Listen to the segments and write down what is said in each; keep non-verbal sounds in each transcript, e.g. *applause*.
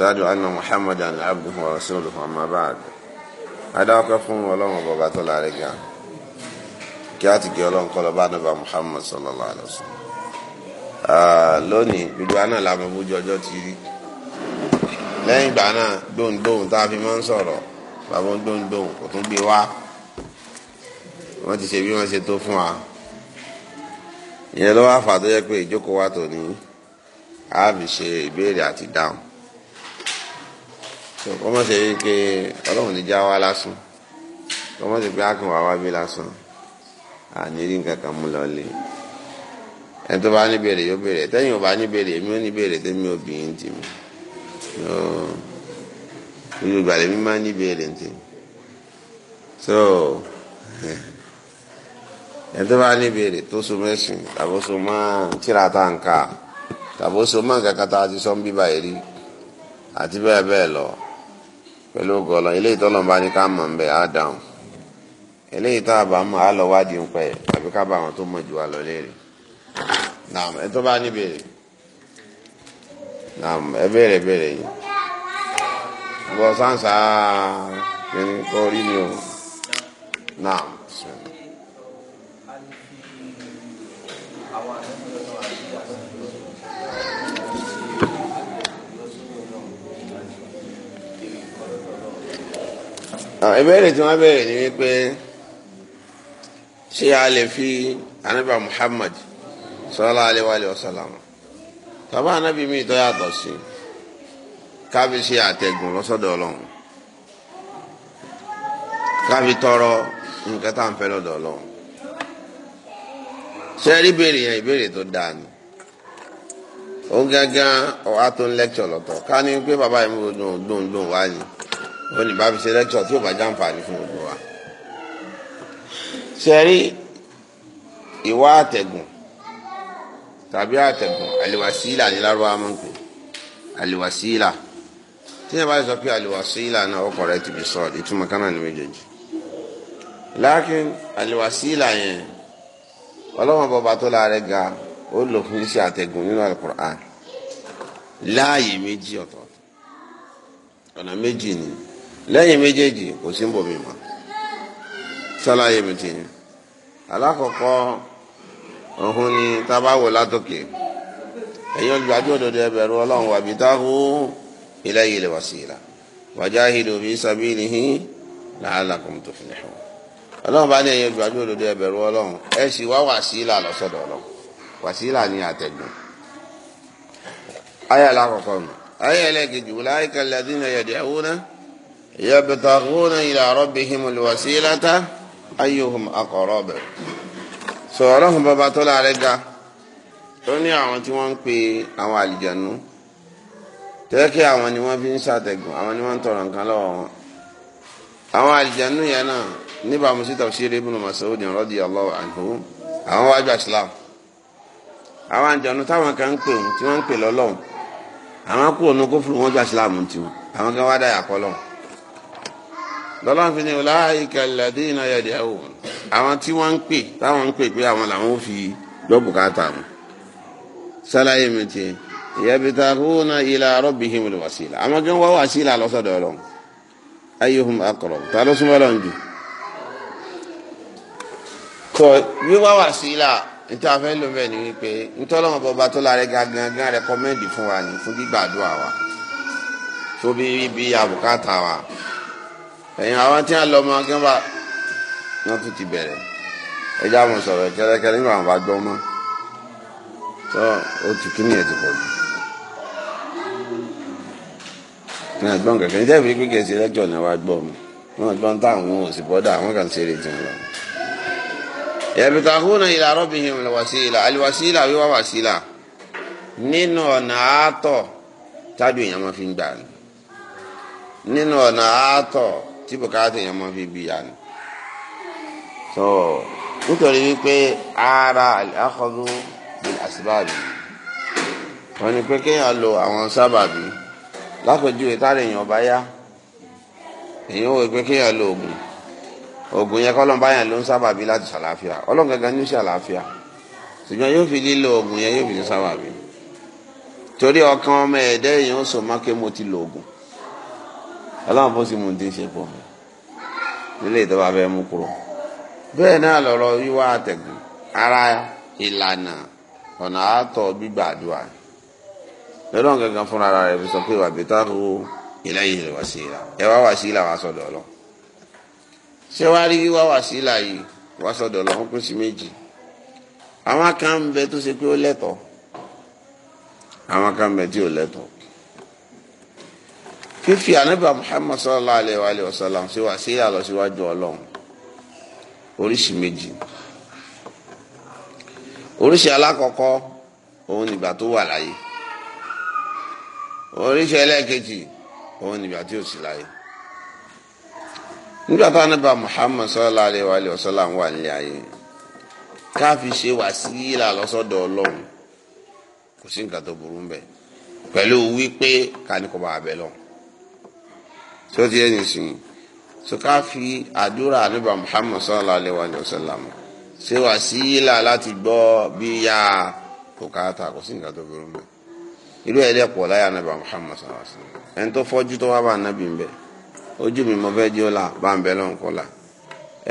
أشهد أن محمدا عبده ورسوله أما بعد أدعوك فون ولوم بابا طلع رجع kíátìkì ọlọ́run kọ́ lọ́ba àdàbà Muhammad sallallahu alayhi wa sallam lónìí gbogbo àná làmọ bójú ọjọ́ ti rí lẹ́yìn ìgbà náà gbóhùngbóhùn tá a fi máa ń sọ̀rọ̀ bàbá ń gbóhùngbóhùn kò tún gbé wá wọ́n ti ṣe bí wọ́n ṣe tó fún wa ìyẹn ló wá fà tó yẹ pé ìjókòó wa tòní a fi ṣe ìbéèrè àti dáhùn so kọ́mọ̀ sí wípé ọlọ́run ní já wa lásán kọ́mọ̀ sí pé ákùn wà wá bí lásán àní rí nǹkan kan mú lọlé ẹni tó bá ní béèrè yóò béèrè tẹ́yìn ò bá ní béèrè èmi ò ní béèrè tẹ́mi ò bìyìn tì mí gbogbo ìgbà lèmi máa ní béèrè tì mí so ẹni tó bá ní béèrè tó so mẹ́sìn tàbó so mọ́ tíra tá à ń kà tàbó so mọ́ nǹkan kan tá a ti sọ ń àti bẹ́ẹ̀ bẹ́ẹ̀ lọ. pẹ̀lú ọgọ́lọ́ eléyìí tọ́lọ́ bá ní ká mọ̀ ń bẹ̀ á dáhùn eléyìí tá a mọ̀ á lọ wádìí ń pẹ́ àbí ká bá àwọn tó mọ̀ jù wá lọ léèrè o naam. ìbéèrè tí wọ́n béèrè ni wípé ṣé a lè fi Muhammad sallallahu alaihi wa sallam anábì mi tó yàtọ̀ sí káfi ṣe àtẹ̀gùn lọ́sọ̀dọ̀ ọlọ́run tọrọ nǹkan tá à ń fẹ́ lọ́dọ̀ ọlọ́run ṣé rí béèrè yẹn ìbéèrè tó dáa ni ó gángan ọ̀há ń lẹ́kṣọ̀ lọ́tọ̀ ó bá fi ṣe lẹ́tọ̀ tí bá fún gbogbo wa. ṣe rí ìwà àtẹ̀gùn tàbí àtẹ̀gùn àlìwàsílà ní lárúbáwá máa ń àlìwàsílà tí yẹn bá sọ pé àlìwàsílà náà ọkọ̀ rẹ ti fi sọ ìtumọ̀ kánà ní méjèèjì. lákìn àlìwàsílà yẹn ọlọ́wọ́n bọba tó láàrẹ ga ó lò fún iṣẹ́ àtẹ̀gùn nínú láàyè méjì ọ̀nà méjì lẹ́yìn méjèèjì kò sí ń bò mí mi ti alákọ̀ọ́kọ́ ọ̀hún ni tábàwò látòkè ẹ̀yin olùgbàdì òdodo ẹbẹ̀rù ọlọ́run wàbí táhù ilayhi al-wasila wajahidu fi sabilihi la'allakum tuflihun ọlọ́run bá ní ẹ̀yin olùgbàdì òdodo ẹbẹ̀rù ọlọ́run sì wá lọ́sọ̀dọ̀ ọlọ́run ní ayé alákọ̀ọ́kọ́ mi ayé yabtaghuna ila rabbihimul wasilata ayyuhum aqrab sọ̀rọ̀ ọlọ́run bàbá tó láàrẹ́ ga ó ní àwọn tí wọ́n ń pe àwọn àlìjànú tẹ́kẹ́ àwọn ni wọ́n fi ń ṣàtẹ̀gùn àwọn ni wọ́n ń tọrọ nǹkan lọ́wọ́ wọn àwọn àlìjànú yẹn náà níbàámu sí tafsir ibn Mas'ud radiyallahu anhu àwọn wájú àṣìláàmù àwọn àjọ̀nù táwọn kan ń pè wọn tí wọ́n ń pè lọ́lọ́run àwọn kúrò ní kófùrù wọn ju àṣìláàmù tiwọn àwọn kan wá dáyà kọ́ lọ́wọ́ lọ́lọ́run fi ní ọláìka ladina yàdí àwọn àwọn tí wọ́n ń pè táwọn ń pè pé àwọn làwọn ò fi lọ́bù káàtà mu sálàyé mi tiẹ̀ yabitahuna ila rabbihimul wasila àwọn gan wá wàsílà lọ́sọ̀dọ̀ ọlọ́run ayyuhum aqrab ta ló súnmọ́ lọ́run jù kọ wíwá wàsílà níta fẹ́ ló bẹ́ẹ̀ ni wípé ntọ́lọ́mọ bọba tó la rẹ gangan gan ẹ̀yin àwọn tí wọ́n lọ ọmọ kí wọ́n bá wọ́n tún ti bẹ̀rẹ̀ ẹja mo sọ̀rọ̀ kẹ́lẹ́kẹ́lẹ́ nígbà wọn bá gbọ́ mọ́ tó o ti kí ni ẹ̀ ti pọ̀ jù ní ẹ̀gbọ́n kẹ̀kẹ́ ní tẹ́ẹ̀fì pé kẹ̀sì lẹ́jọ́ ni wàá gbọ́ mi wọn gbọ́n táwọn ò sì bọ́dà àwọn kan ṣeré tí wọn lọ. yabtaguna ila rabbihim alwasila alwasila wíwá wàsílà nínú ọ̀nà àátọ̀ tájú èèyàn máa fi ń gbà nínú ọ̀nà àátọ̀ tí bùkátà yẹn máa fi bí ya ni. so nítorí wípé ara àkọ́dú bil asbáàbì wọ́n ní pé kéèyàn lo àwọn sábàbí lápèjúwe tára èèyàn bá yá èèyàn wò pé kéèyàn lo oògùn oògùn yẹn kọ́lọ́n báyàn ló ń sábàbí láti ṣàlàáfíà ọlọ́run gangan ní ṣàlàáfíà ṣùgbọ́n yóò fi lílo oògùn yẹn yóò fi ṣe sábàbí torí ọkàn ọmọ ẹ̀dẹ́ èèyàn sọ má ti lo oògùn aláwọn bó sì mú un ṣe pọ̀ nílé ìtọ́wà bẹ́ẹ̀ mú kúrò bẹ́ẹ̀ náà lọrọ wíwá àtẹ̀gùn ara ìlànà ọ̀nà àtọ̀ gbígbàdúrà lọ́dọ̀ gangan fúnra rẹ̀ fi sọ pé wà bìtáàkù ìlẹ́yìn rẹ̀ wá sí ìlà ẹ wá wá sí ìlà wá sọ̀dọ̀ ọ̀lọ́ ṣé wá rí wíwá wá sí ìlà yìí wá sọ̀dọ̀ ọ̀lọ́ fún kùsì méjì àwọn tó ṣe pé ó àwọn fífi ànábà muhammad sallallahu alayhi wa alayhi wa sallam ṣe wá sí àlọ́ síwájú ọlọ́run oríṣi méjì oríṣi alákọ̀ọ́kọ́ òun nígbà tó wà láyé oríṣi ẹlẹ́ẹ̀kejì òun nígbà tí ò sí láyé nígbà tó ànábà muhammad sallallahu alayhi wa alayhi wa sallam wà nílé ayé káfi ṣe wá sí àlọ́ sọ́dọ̀ ọlọ́run kò sí nǹkan tó burú ń bẹ̀ wípé ká bá abẹ lọ́run tí ó ti yẹ nìsín so ká fi àdúrà ànábì Muhammad sallallahu alayhi wa sallam ṣe wà sí ilà láti gbọ́ bí ya kò káàtà kò sí nǹkan tó burú mọ́ irú ẹ̀ lẹ́pọ̀ láyé ànábì Muhammad sallallahu alayhi wa sallam ẹni tó fọ́jú tó wá bá ànábì ń bẹ̀ ojú mi mo fẹ́ jẹ́ ó là bá ń bẹ lọ́n kọ́ là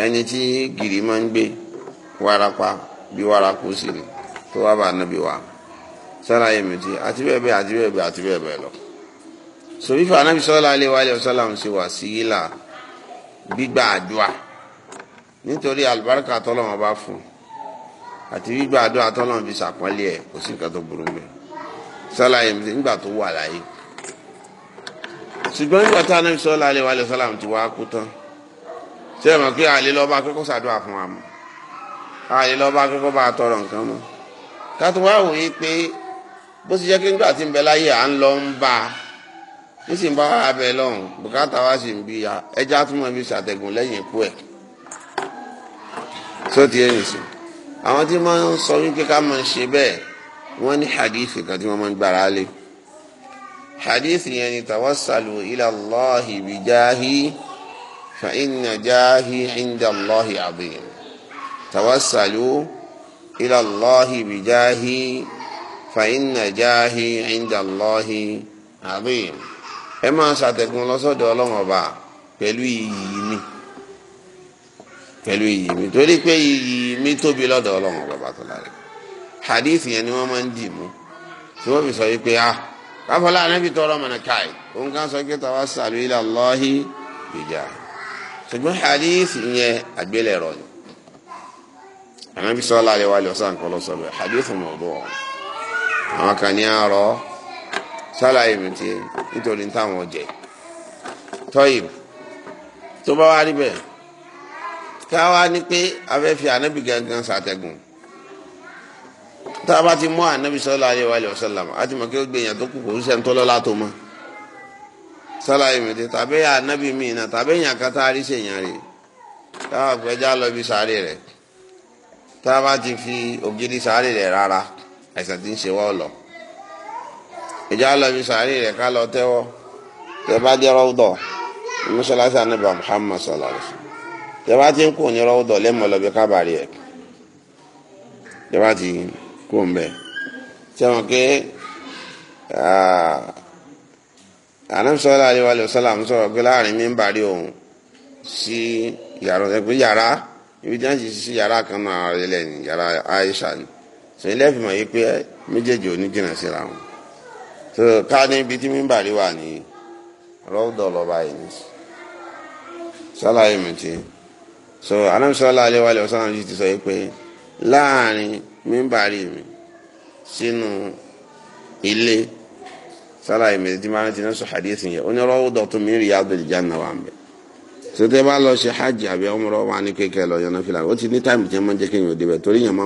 ẹni tí gìrì máa ń gbé warapa bí waraku sí ni tó wá bá ànábì wa sára yẹmìtì àti bẹ́ẹ̀ bẹ́ẹ̀ àti bẹ́ẹ̀ bẹ́ẹ̀ àti bẹ́ẹ̀ bẹ́ẹ̀ lọ sòfífà anábì sọ́lá alẹ́ wa alẹ́ ọ̀sọ́lá ń ṣe wà sí ilà gbígbà àdúà nítorí àlùbáríkà tọ́lọ́wọ́n bá fún àti gbígbà àdúà tọ́lọ́wọ́n fi ṣàpọ́nlé ẹ̀ kò sí nǹkan tó burú mẹ́ sọ́lá yẹn nígbà tó wà láyé ṣùgbọ́n nígbà tá anábì sọ́lá alẹ́ wa alẹ́ ọ̀sọ́lá ti wá kú tán ṣé ẹ mọ̀ pé àlè lọ́ba akẹ́kọ̀ọ́ ṣàdúrà fún wa mọ́ àlè lọ́ba akẹ́kọ̀ọ́ bá tọrọ nǹkan mọ́ ká tó wá wòye pé bó ti jẹ́ kí nígbà tí ń nísìn bá abẹ lọ́hùn bùkátà wá sí bí ya ẹja túmọ̀ bí ṣàtẹ̀gùn lẹ́yìn ikú ẹ̀ tó ti ẹ̀ nìsín àwọn tí wọ́n ń sọ wípé ká máa ń ṣe bẹ́ẹ̀ wọ́n ní hadith kan tí wọ́n máa ń gbára lé hadith yẹn ni tawassalu ila Allahi bi jahi fa inna jahi inda Allahi azim tawassalu ila Allahi bi jahi fa inna jahi inda Allahi azim ẹ máa ṣàtẹ̀gùn lọ́sọ̀dọ̀ ọlọ́run ọba pẹ̀lú iyì mi pẹ̀lú iyì mi torí pé iyì mi tóbi lọ́dọ̀ ọlọ́run ọba bàtà lára hadith yẹn ni wọ́n máa ń dì mú tí wọ́n fi sọ yìí pé ah káfọ́lá anábì tọrọ mọ̀nà káì òun kan sọ pé tàwa sàlù ilà lọ́hí ìjà ṣùgbọ́n hadith yẹn àgbélẹ̀rọ ni anábì sọ́lá àlewálé ọ̀sán kọlọ́sọ̀ bẹ́ẹ̀ hadith mọ̀ ọ́ àwọn kan ní àárọ̀ sálàyé mi tiẹ̀ nítorí táwọn jẹ tọ́yìn tó bá wá rí bẹ́ẹ̀ ká wá ní pé afẹ́fẹ́ ànábì gangan ṣàtẹ̀gùn tá a bá ti mú ànábì sallallahu alaihi wa sallam á ti mọ̀ kí ó gbé èèyàn tó kù kò ń sẹ́ni tó lọ́lá tó mọ́ sálàyé mi tiẹ̀ tàbí ànábì mi náà tàbí èèyàn kan rí sèèyàn rè táwọn àpẹjá lọ ibi sáré rẹ̀ tá a bá ti fi ògiri sáré rẹ̀ rárá àìsàn ti ń ṣe wá ìjà lọ́bi sàárì rẹ̀ ká lọ tẹ́wọ́ tẹ bá dé rọ́ọ̀dọ̀ mọ́ṣáláṣí anábà Muhammad sallallahu alayhi wa sallam tẹ bá ti ń kù ní rọ́ọ̀dọ̀ lẹ́mọ̀ lọ́bi kábàárì ẹ̀ tẹ bá ti kù ń bẹ̀ tẹ́wọ̀n pé anábì sallallahu alayhi wa sallam sọ̀rọ̀ pé láàrin mi ń bàrí òun sí yàrá ẹgbẹ́ yàrá ibi tí wọ́n ti sí yàrá kan náà rẹ̀ lẹ́yìn yàrá Aisha ni sọ ilé ìfìmọ̀ yìí pé méjèèjì ò ní jìnnà síra wọn. so ká níbi tí mímbàrí wà ní rọ́ọ̀dọ̀ lọ́ba yìí sálàyé mi so anamisala alewale ọsán yìí ti sọ yìí pé láàrin mímbàrí mi sínú ilé sálàyé mi ti máa ń tiná sọ hadith yẹn onírọ́wọ́dọ̀ tó mi ti ní táìmù tí wọ́n máa ń jẹ́ kéèyàn ò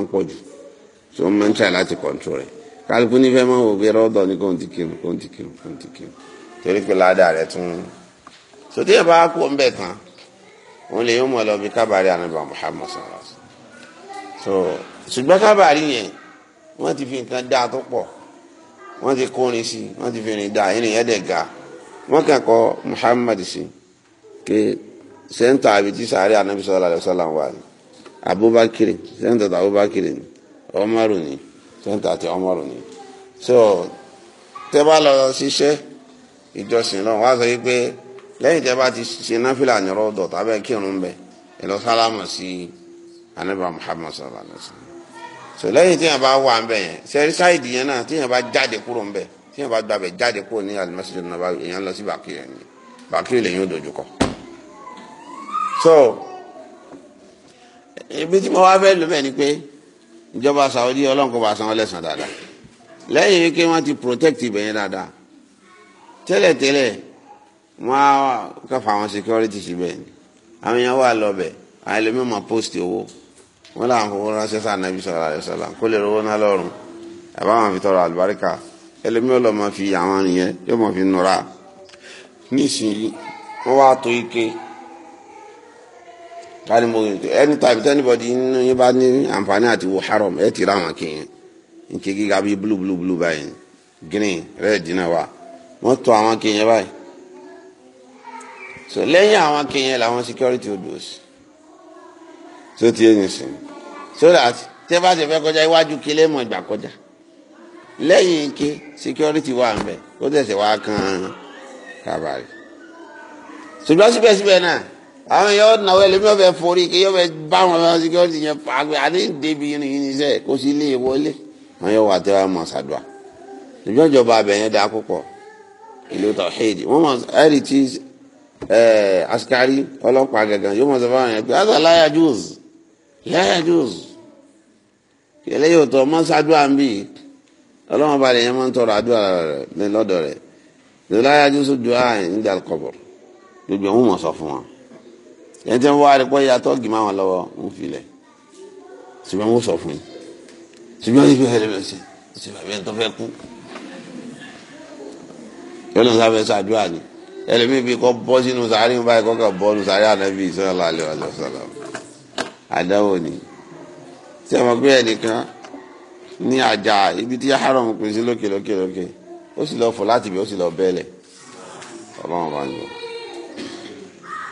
débẹ̀ kálukú nífẹ̀ẹ́ mọ́ wò pé rọ́dọ̀ ni kò ń ti kírun kò ń ti kírun kò ń ti kírun torí pé ládàá rẹ̀ tún sòtí ẹ̀ bá kú ọ̀nbẹ kan òun lè yóò mọ̀ lọ bí kábàárì ànábà Muhammad sallallahu so ṣùgbọ́n kábàárì yẹn wọ́n ti fi nǹkan dáa tó pọ̀ wọ́n ti kórin sí wọ́n ti fi rìn dáa ìrìn yẹn dẹ̀ ga wọ́n kàn kọ́ Muhammad sí ké sẹ́ńtà àbí tí sàárẹ̀ ànábì sallallahu wà ní Abubakar sẹ́ńtà Abubakar ní Umaru ní sẹ́ńtà àti ọmọrùn ni so tẹ́ bá lọ ṣiṣẹ́ ìjọsìn lọ́wọ́ wá sọ yìí pé lẹ́yìn tẹ́ bá ti ṣe náfìlà nírọ̀ dọ̀tà bẹ́ẹ̀ kírun bẹ́ẹ̀ ẹ lọ sálámù sí anábà Muhammad sallallahu alayhi wa sallam so lẹ́yìn tí yẹn bá wà ń bẹ̀ yẹn sẹ́rí sáìdì yẹn náà tí yẹn bá jáde kúrò ń bẹ̀ tí yẹn bá gbàbẹ̀ jáde kúrò ní alimẹ́sìlẹ̀ náà èèyàn lọ sí bàkírì yẹn ni bàkírì lèyìn ò dojú kọ. so ibi tí mo wá fẹ́ lómẹ́ ni pé ìjọba Saudi ọlọ́run kó bá san ọlẹ́sàn dáadáa lẹ́yìn wípé wọ́n ti protect ibẹ̀ yẹn dáadáa tẹ́lẹ̀tẹ́lẹ̀ wọ́n á kẹfà àwọn security síbẹ̀ ni àwọn èèyàn wà lọ́bẹ̀ àwọn ẹlòmíì máa post owó wọ́n làwọn fowó ránṣẹ́ sáà nàbí sọ̀rọ̀ àlẹ́ sọ̀rọ̀ kó lè rówó náà lọ́rùn àbá wọn fi tọrọ àlùbáríkà ẹlòmíì ọlọ́ máa fi àwọn nìyẹn yóò máa fi nura nísìnyí wọ́n wá tó ike káni mo anytime anybody inú yín bá ní àǹfààní àti wo haram ẹ ti ra àwọn kìnyín nkì gíga bíi blue blue blue báyìí green red náà wà wọ́n tọ àwọn kìnyín báyìí so lẹ́yìn àwọn kìnyín làwọn security odò sí so ti yé nìsín so that tẹ́ bá ti fẹ́ kọjá iwájú kílé mọ̀ ìgbà kọjá lẹ́yìn ike security wà ń bẹ̀ ó tẹ̀sẹ̀ wá kan kábàárì ṣùgbọ́n síbẹ̀síbẹ̀ náà. àwọn yóò náwó ẹlẹ́mi ọ̀fẹ́ forí kí yóò fẹ́ bá àwọn ọmọ security yẹn fà á àdé débi yín ní sẹ́ kó sì lè wọlé wọn ndị wà tẹ́ wọn mọ̀ ṣàdùà ìjọ ìjọba abẹ yẹn dá ìlú tí asikari ọlọ́pàá gẹ̀gẹ̀ yóò mọ̀ sọ fáwọn yẹn pé láyà jùz láyà jùz yóò ń bì yẹn ń tọrọ àdúrà láyà jùz dùn ẹni tí wọ́n wá rí pọ́ yàtọ̀ gì máa wọn lọ́wọ́ ń filẹ̀ ṣùgbọ́n mo sọ fún yín ṣùgbọ́n yìí fi hẹ́lẹ́ bẹ́ẹ̀ ṣe ṣe bàbá ẹni tó fẹ́ kú yóò lọ sáfẹ́ ṣàdúrà ni ẹlẹ́mìí bíi kọ́ bọ́ sínú sàárì ń báyìí kọ́kọ́ bọ́ nu sàárì ànábì sọ́yàlá alẹ́ wa sọ́yàlá àdáwò ni tí a mọ̀ pé ẹnìkan ní àjà ibi tí haram pèsè lókè lókè lókè ó sì lọ fò láti ibẹ̀ ó sì lọ bẹ́ẹ̀lẹ̀ ọlọ́run bá ń lò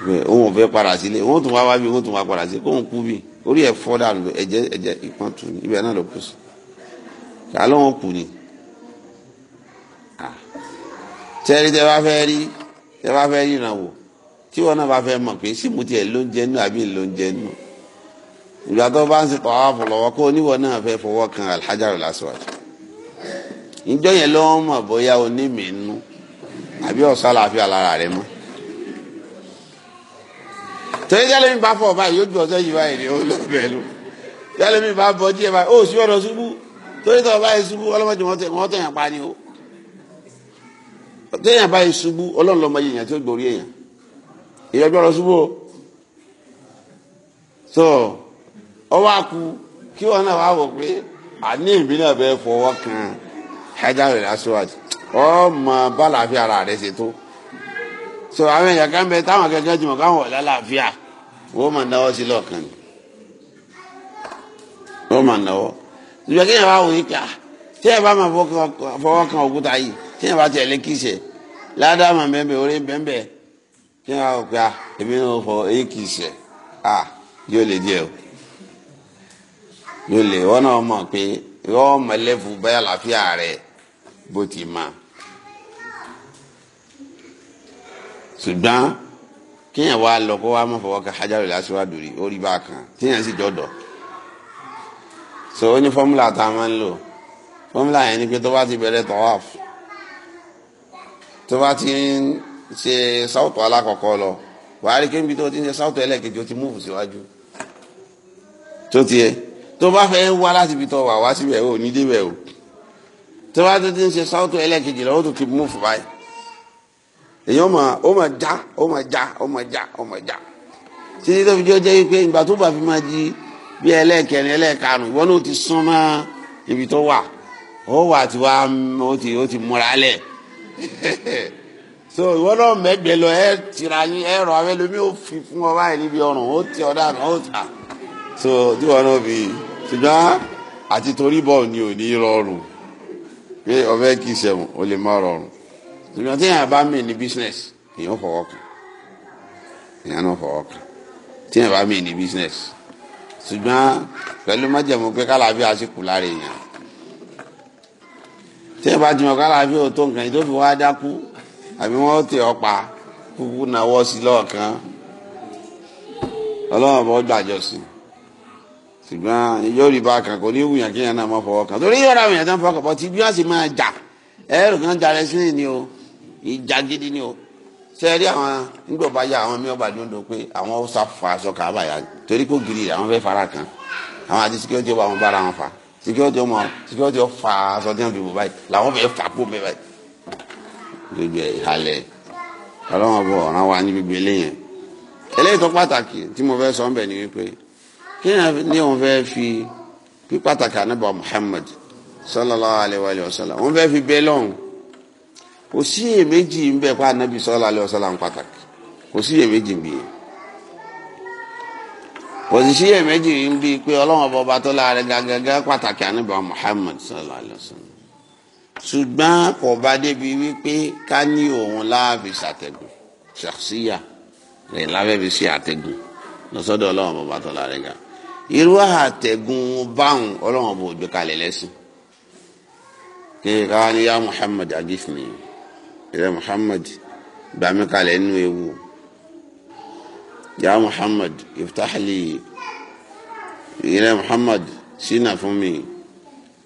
òun ò fẹ́ padà sílé òun tún wá wá bí òun tún wá padà sílé kóun kú bí orí ẹ̀ fọ́ dànù ẹ̀jẹ̀ ẹ̀jẹ̀ ìpọ́n tù ní ibẹ̀ náà ló kù sí kà á lóun kù ni tẹ́rí tẹ́ bá fẹ́ rí tẹ́ bá fẹ́ ríran wò tí wọn náà bá fẹ́ mọ̀ pé sí mu tiẹ̀ ló ń jẹ nù àbí ló ń jẹ nù ìgbà tó bá ń ṣe tọ́wọ́ lọ́wọ́ kó oníwọ̀ náà fẹ́ fọwọ́ kan alhajarul aswad ìjọ yẹn ló ń mọ̀ bóyá onímìínú àbí ọ̀sán torí jálẹ̀ mi bá fọ̀ báyìí yóò ju ọ̀sẹ̀ yìí báyìí ni ó lọ bẹ́ẹ̀ lọ jálẹ̀ mi bá bọ̀ díẹ̀ báyìí ó sì ọ̀rọ̀ ṣubú torí tọ̀ báyìí ṣubú ọlọ́mọdé wọn tẹ̀yàn pa ni o tẹ̀yàn báyìí ṣubú ọlọ́run lọ́mọ yìnyín àti ògbórí èèyàn ìyọjọ́ ọ̀rọ̀ ṣubú o tó ọwọ́ àkú kí wọn náà wá wọ̀ pé àní ìbí náà bẹ́ẹ̀ fọwọ́ kan Hajar al-Aswad ọmọ bá làáfíà ara rẹ̀ ṣètò so àwọn èèyàn kan bẹ táwọn akẹ́kẹ́ jùmọ̀ káwọn ọ̀la làáfíà wọ́n máa náwó sí lọ́ọ̀kan ni wọ́n máa náwó ìgbà kí èèyàn bá wòye ká ah, tí èèyàn bá máa fọwọ́ kan òkúta yìí tí èèyàn bá tiẹ̀ lé kíṣẹ̀ ládàmà bẹ́ẹ̀ orí bẹ́ẹ̀ tí èèyàn bá wò pé ah, èmi náà fọ èyí kíṣẹ̀ à ah, yóò lè díẹ̀ o yóò lè wọ́n náà mọ̀ pé yọ́ọ́ mọ̀ lẹ́fù báyà làáfíà rẹ̀ bó ti máa. ṣùgbọ́n kíyàn wá lọ kó wá má fọwọ́ ka hajarul aswad rí orí bá kan tíyàn sì jọ̀dọ̀ so ó ní fọ́múlà tá a máa ń lò fọ́múlà yẹn ni pé tó bá ti bẹ̀rẹ̀ tawaf tó bá ti ń ṣe sáwùtò alákọ̀ọ́kọ́ lọ wàá rí kébi tó ti ń ṣe sáwùtò ẹlẹ́ẹ̀kejì ó ti múùfù síwájú tó tiẹ̀ tó bá fẹ́ wá láti ibi tó wà wá síbẹ̀ ò ní débẹ̀ o tó bá ti ń ṣe sáwùtò ẹlẹ́ẹ̀kejì lọ́wọ́ tó ti múùfù báyìí èyàn ma ó ma já ó ma já ó ma já ó ma já títí tó fi jẹ́ jẹ́ pé ìgbà tó bá fi máa di bí ẹlẹ́ẹ̀kẹrin ẹlẹ́ẹ̀karùn ìwọ náà ti sún mọ́ ibi tó wà ó wà tí wàá ó ti ó ti múra lẹ̀ *laughs* so ìwọ náà mẹ́gbẹ́ lọ ẹ tira yín ẹ rọ abẹ́ lómi ó fi fún ọ báyìí níbi ọrùn ó ti ọ̀dà náà ó ta so tí wọn náà fi ṣùgbọ́n àti torí bọ́ọ̀ ni ò ní rọrùn pé ọ̀fẹ́ kìí ṣẹ̀wọ̀n ó lè má rọrùn ṣùgbọ́n tí èèyàn bá mì ní business èèyàn fọwọ́ kàn èèyàn náà fọwọ́ kàn tí èèyàn bá mì ní business ṣùgbọ́n pẹ̀lú májẹ̀mú pé kálàbí àṣìkù lára èèyàn tí èèyàn bá ti mọ̀ kálàbí ò tó nǹkan yìí tó fi wá dákú àbí wọ́n tẹ̀ ọ́ pa kúkú náwó sí lọ́ọ̀kan ọlọ́run bọ́ gbàjọ sí ṣùgbọ́n yóò rí bákan kò ní wùyàn kéèyàn náà mọ́ fọwọ́ kan torí yóò ra wùyàn tó ń fọkàn bọ́ ti bí wọ́n sì máa jà ẹ̀rù kan jà rẹ̀ sílẹ̀ ni o ìjà gidi ni o sẹ́ẹ̀rí àwọn ńgbọ̀nba yá àwọn mi ọba dundun pé àwọn ọ̀sà fa aṣọ kàába yá torí kò giri rẹ̀ àwọn fẹ́ fara kan àwọn àti security ọba àwọn bára wọn fa security ọmọ security ọfà aṣọ tí wọn fi bò báyìí làwọn fẹ́ fà kó bẹ́ẹ̀ báyìí. gbogbo ẹ̀ halẹ̀ ọlọ́wọ́n bọ̀ ọ̀ràn wa ní gbogbo eléyẹn eléyìí tó pàtàkì tí mo fẹ́ sọ ń bẹ̀ ni wípé kí ni òun fẹ́ fi pípàtàkì anábọ̀ Muhammad sallallahu alayhi wa sallam òun fẹ́ fi bẹ́ẹ̀ lọ́hùn kò sí méjì ń bẹ pa anabi sallallahu alaihi wasallam pàtàkì kò sí méjì ń bí yẹn kò sí èméjì ń bí pé ọlọ́wọ́n bọba tó láàrin gàgàgà pàtàkì anabi muhammad sọ́lá alaihi ṣùgbọ́n kò bá débi wípé ká ní òun ṣàṣìyà rẹ̀ àtẹ̀gùn lọ́sọ́dọ̀ ọlọ́wọ́n bọba tó láàrin irú àtẹ̀gùn báwọn ọlọ́wọ́n ìrẹ muhammad gbàmí kalẹ̀ nínú ewu ya muhammad iftahli ìrẹ muhammad ṣínà fún mi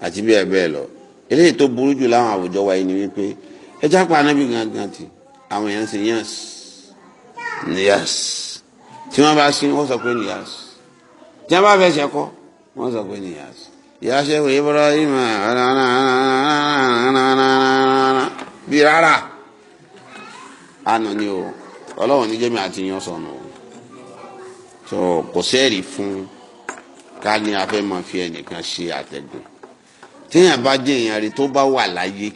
àti bẹ́ẹ̀ bẹ́ẹ̀ lọ eléyìí tó burú jù láwọn àwùjọ wa yìí ni wípé ẹ jápa anábì gangan ti àwọn èèyàn ṣe yans niyas tí wọ́n bá sí wọ́n sọ pé niyas tí wọ́n bá fẹ́ ṣẹkọ wọ́n sọ pé niyas ìyá ṣẹ́wó Ibrahim bí rárá àánú ni o ọlọ́run ní jẹ́mi àti yan sọnù o tó kò sẹ́ẹ̀rì fún ká ní afẹ́ máa fi ẹnìkan ṣe àtẹ̀gùn téèyàn bá jẹ́ èèyàn rí tó bá wà láyé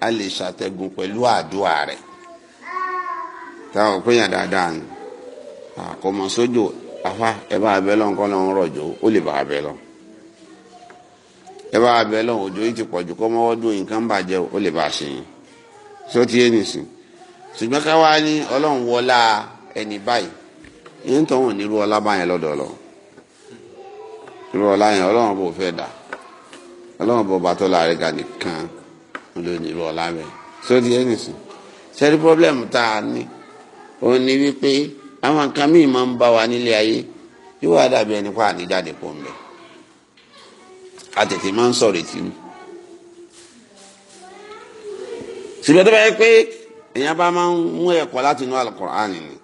a lè ṣàtẹ̀gùn pẹ̀lú àdúrà rẹ̀ táwọn péyàn dáadáa ni àkọmọ sójò afa ẹ bá abẹ lọ nǹkan lọhùn rọjò ó lè bá abẹ lọ ẹ bá abẹ lọ òjò yìí ti pọ̀jù kọ́ mọ́wọ́ dún nǹkan bàjẹ́ ó lè bá a ṣe yín sọ ti nìsín ṣùgbọ́n ká wá ní ọlọ́run wọlá ẹni báyìí yẹn tó wọn nírú ọlá báyẹn lọ́dọ̀ lọ irú ọlá yẹn ọlọ́run bò fẹ́ dà ọlọ́run bò bàtọ́ la rẹ̀ ga nìkan ló nírú ọlá rẹ̀ sódì ẹni sùn sẹ́rí pọ́blẹ́mù tá a ní òun ni wípé àwọn nǹkan míì máa ń bá wa nílé ayé yóò wá dàbí ẹni pa àníjáde pọ̀ mbẹ́ a tètè máa ń sọ̀rọ̀ ètí mu síbẹ̀ tó bá pé. èèyàn bá máa ń mú ẹ̀kọ́ láti inú alukur'ani ni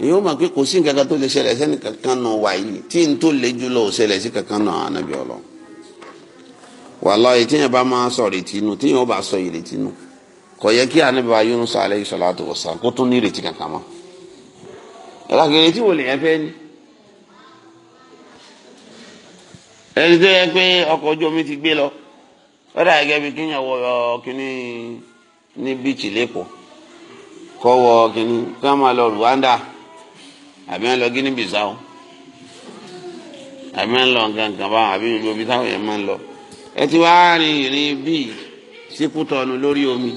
èyí ó kò sí nǹkan tó lè ṣẹlẹ̀ sẹ́ni kankan nù wáyé tí n tó lè jùlọ ò ṣẹlẹ̀ sí kankan nù ọlọ wàláhì tíyẹn bá máa sọ ìrètí inú bá sọ ìrètí inú kò yẹ kí wa salatu kó tún ní ìrètí kankan ìrètí wo fẹ́ ni ẹni tó yẹ pé ọkọ̀ ojú omi ti gbé ní bíìtì lẹ́kọ̀ọ́ kọ́ wọ kínní ká máa lọ Rwanda àbí wọn lọ Guinea Bissau àbí wọn lọ nǹkan kan báwọn àbí gbogbo ibi táwọn yẹn máa ń lọ ẹ ti wá rin ìrìn bíi síkútọ̀nù lórí omi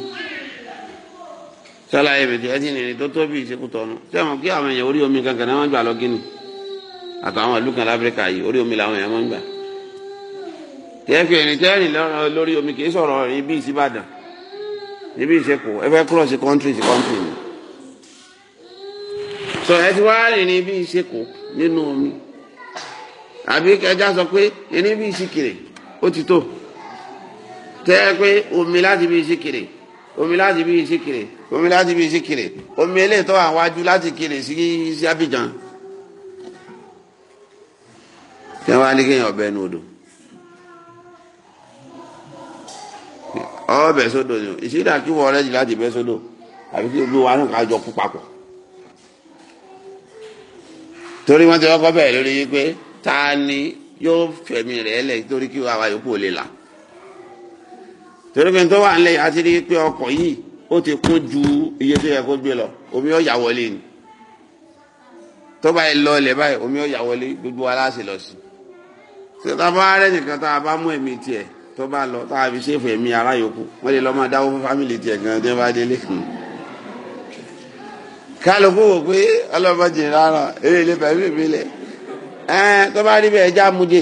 sọlá ẹ̀mí tí ẹ ti rìnrìn tó tó bíi síkútọ̀nù sẹ́wọ̀n kí àwọn èèyàn orí omi kankan náà wọ́n gbà lọ Guinea àtàwọn ìlú kan láfíríkà yìí orí omi làwọn èèyàn máa ń gbà tẹ́ẹ̀fì ẹ̀rìn tẹ́ẹ̀rìn lórí omi kì í sọ̀rọ̀ ẹ̀rìn bíi síbàdàn ibi ìṣekù ẹ fẹ́ cross country sí country ni sọ ẹ ti wá rìn ní ìṣekù nínú omi àbí ẹja sọ pé ẹni bí ìṣìkìrì ó ti tó tẹ́ ẹ pé omi láti bí ìṣìkìrì omi láti bí ìṣìkìrì omi láti bí ìṣìkìrì omi eléyìí tó láti kiri sí sí Abidjan tẹ́ wá ní kéèyàn ọbẹ̀ ní odò. ọ bẹ sódò ni o ìṣẹ̀dá kí wọ́n rẹ́jì láti bẹ sódò àbí kí olú wa náà jọ kú papọ̀. torí wọ́n ti kọ́kọ́ bẹ̀rẹ̀ lórí yìí ta ni yóò fẹ̀mí rẹ̀ lẹ̀ torí kí àwa yòókù ò lè là. torí pé tó wà nílẹ̀ yìí àti rí pé ọkọ̀ yìí ó ti kún ju iye tó yẹ kó gbé lọ omi ó yà wọlé ni tó báyìí lọ ilẹ̀ báyìí omi ó yà wọlé gbogbo aláṣẹ lọ sí. sọ́tà bá nìkan tá a bá mú ẹ̀mí tiẹ̀ tó bá lọ tá a fi ṣe fún ẹ̀mí ara yòókù wọ́n lè lọ máa dáwọ́ fún fámìlì tiẹ̀ gan tí wọ́n bá délé. kálukú wò pé ọlọ́mọdé rárá eré ilé pẹ̀lú ìbílẹ̀ ẹ̀ tó bá rí bẹ́ẹ̀ ẹja múdé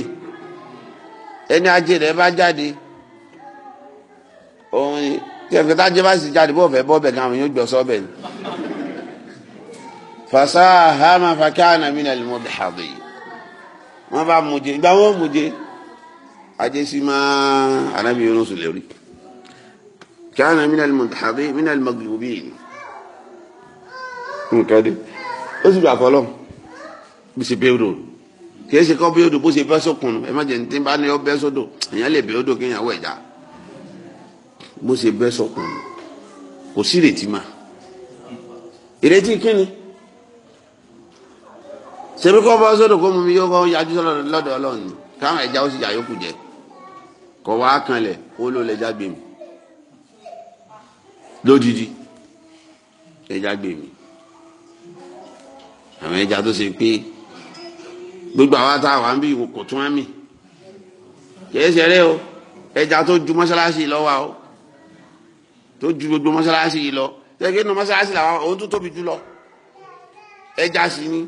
ẹni ajé rẹ̀ bá jáde òun ni kẹ̀kẹ́ tá a jẹ́ bá sì jáde bó fẹ́ bọ́ bẹ̀ gan àwọn yóò gbọ́ sọ́bẹ̀ ni. fasahama fakana minal mudhadi wọ́n bá múdé ìgbà wọn múdé ajésímá anábì Yunus lè rí kana minal muntahadi minal maglubin nǹkan dé ó sì gbà fọlọ́ bí sì bẹ́ẹ̀ rò kìí ṣe kọ́ bí odò bó ṣe bẹ́ sókun ẹ má jẹ́ ní tí bá ní ọ bẹ́ sódò èèyàn lè bẹ́ odò kéèyàn wẹ̀ já bó ṣe bẹ́ sókun kò sí ìrètí mà ìrètí kíni ṣebí kọ́ bọ́ sódò kó mu mi yóò kọ́ yájú sọ́dọ̀ lọ́dọ̀ ọlọ́run káwọn ẹja ó sì yà yókù jẹ́ kọ wá kanlẹ̀ ó ló lẹjà gbé mi lódìdí lẹjà gbé mi àwọn ẹja tó ṣe pé gbogbo àwa tá a wà ń bí kò tún á mì kìí ṣe eré o ẹja tó ju mọ́ṣáláṣí lọ wa o tó ju gbogbo mọ́ṣáláṣí yìí lọ tẹ́gẹ́ nu mọ́ṣáláṣí làwọn ohun tó tóbi jù lọ ẹja sì ni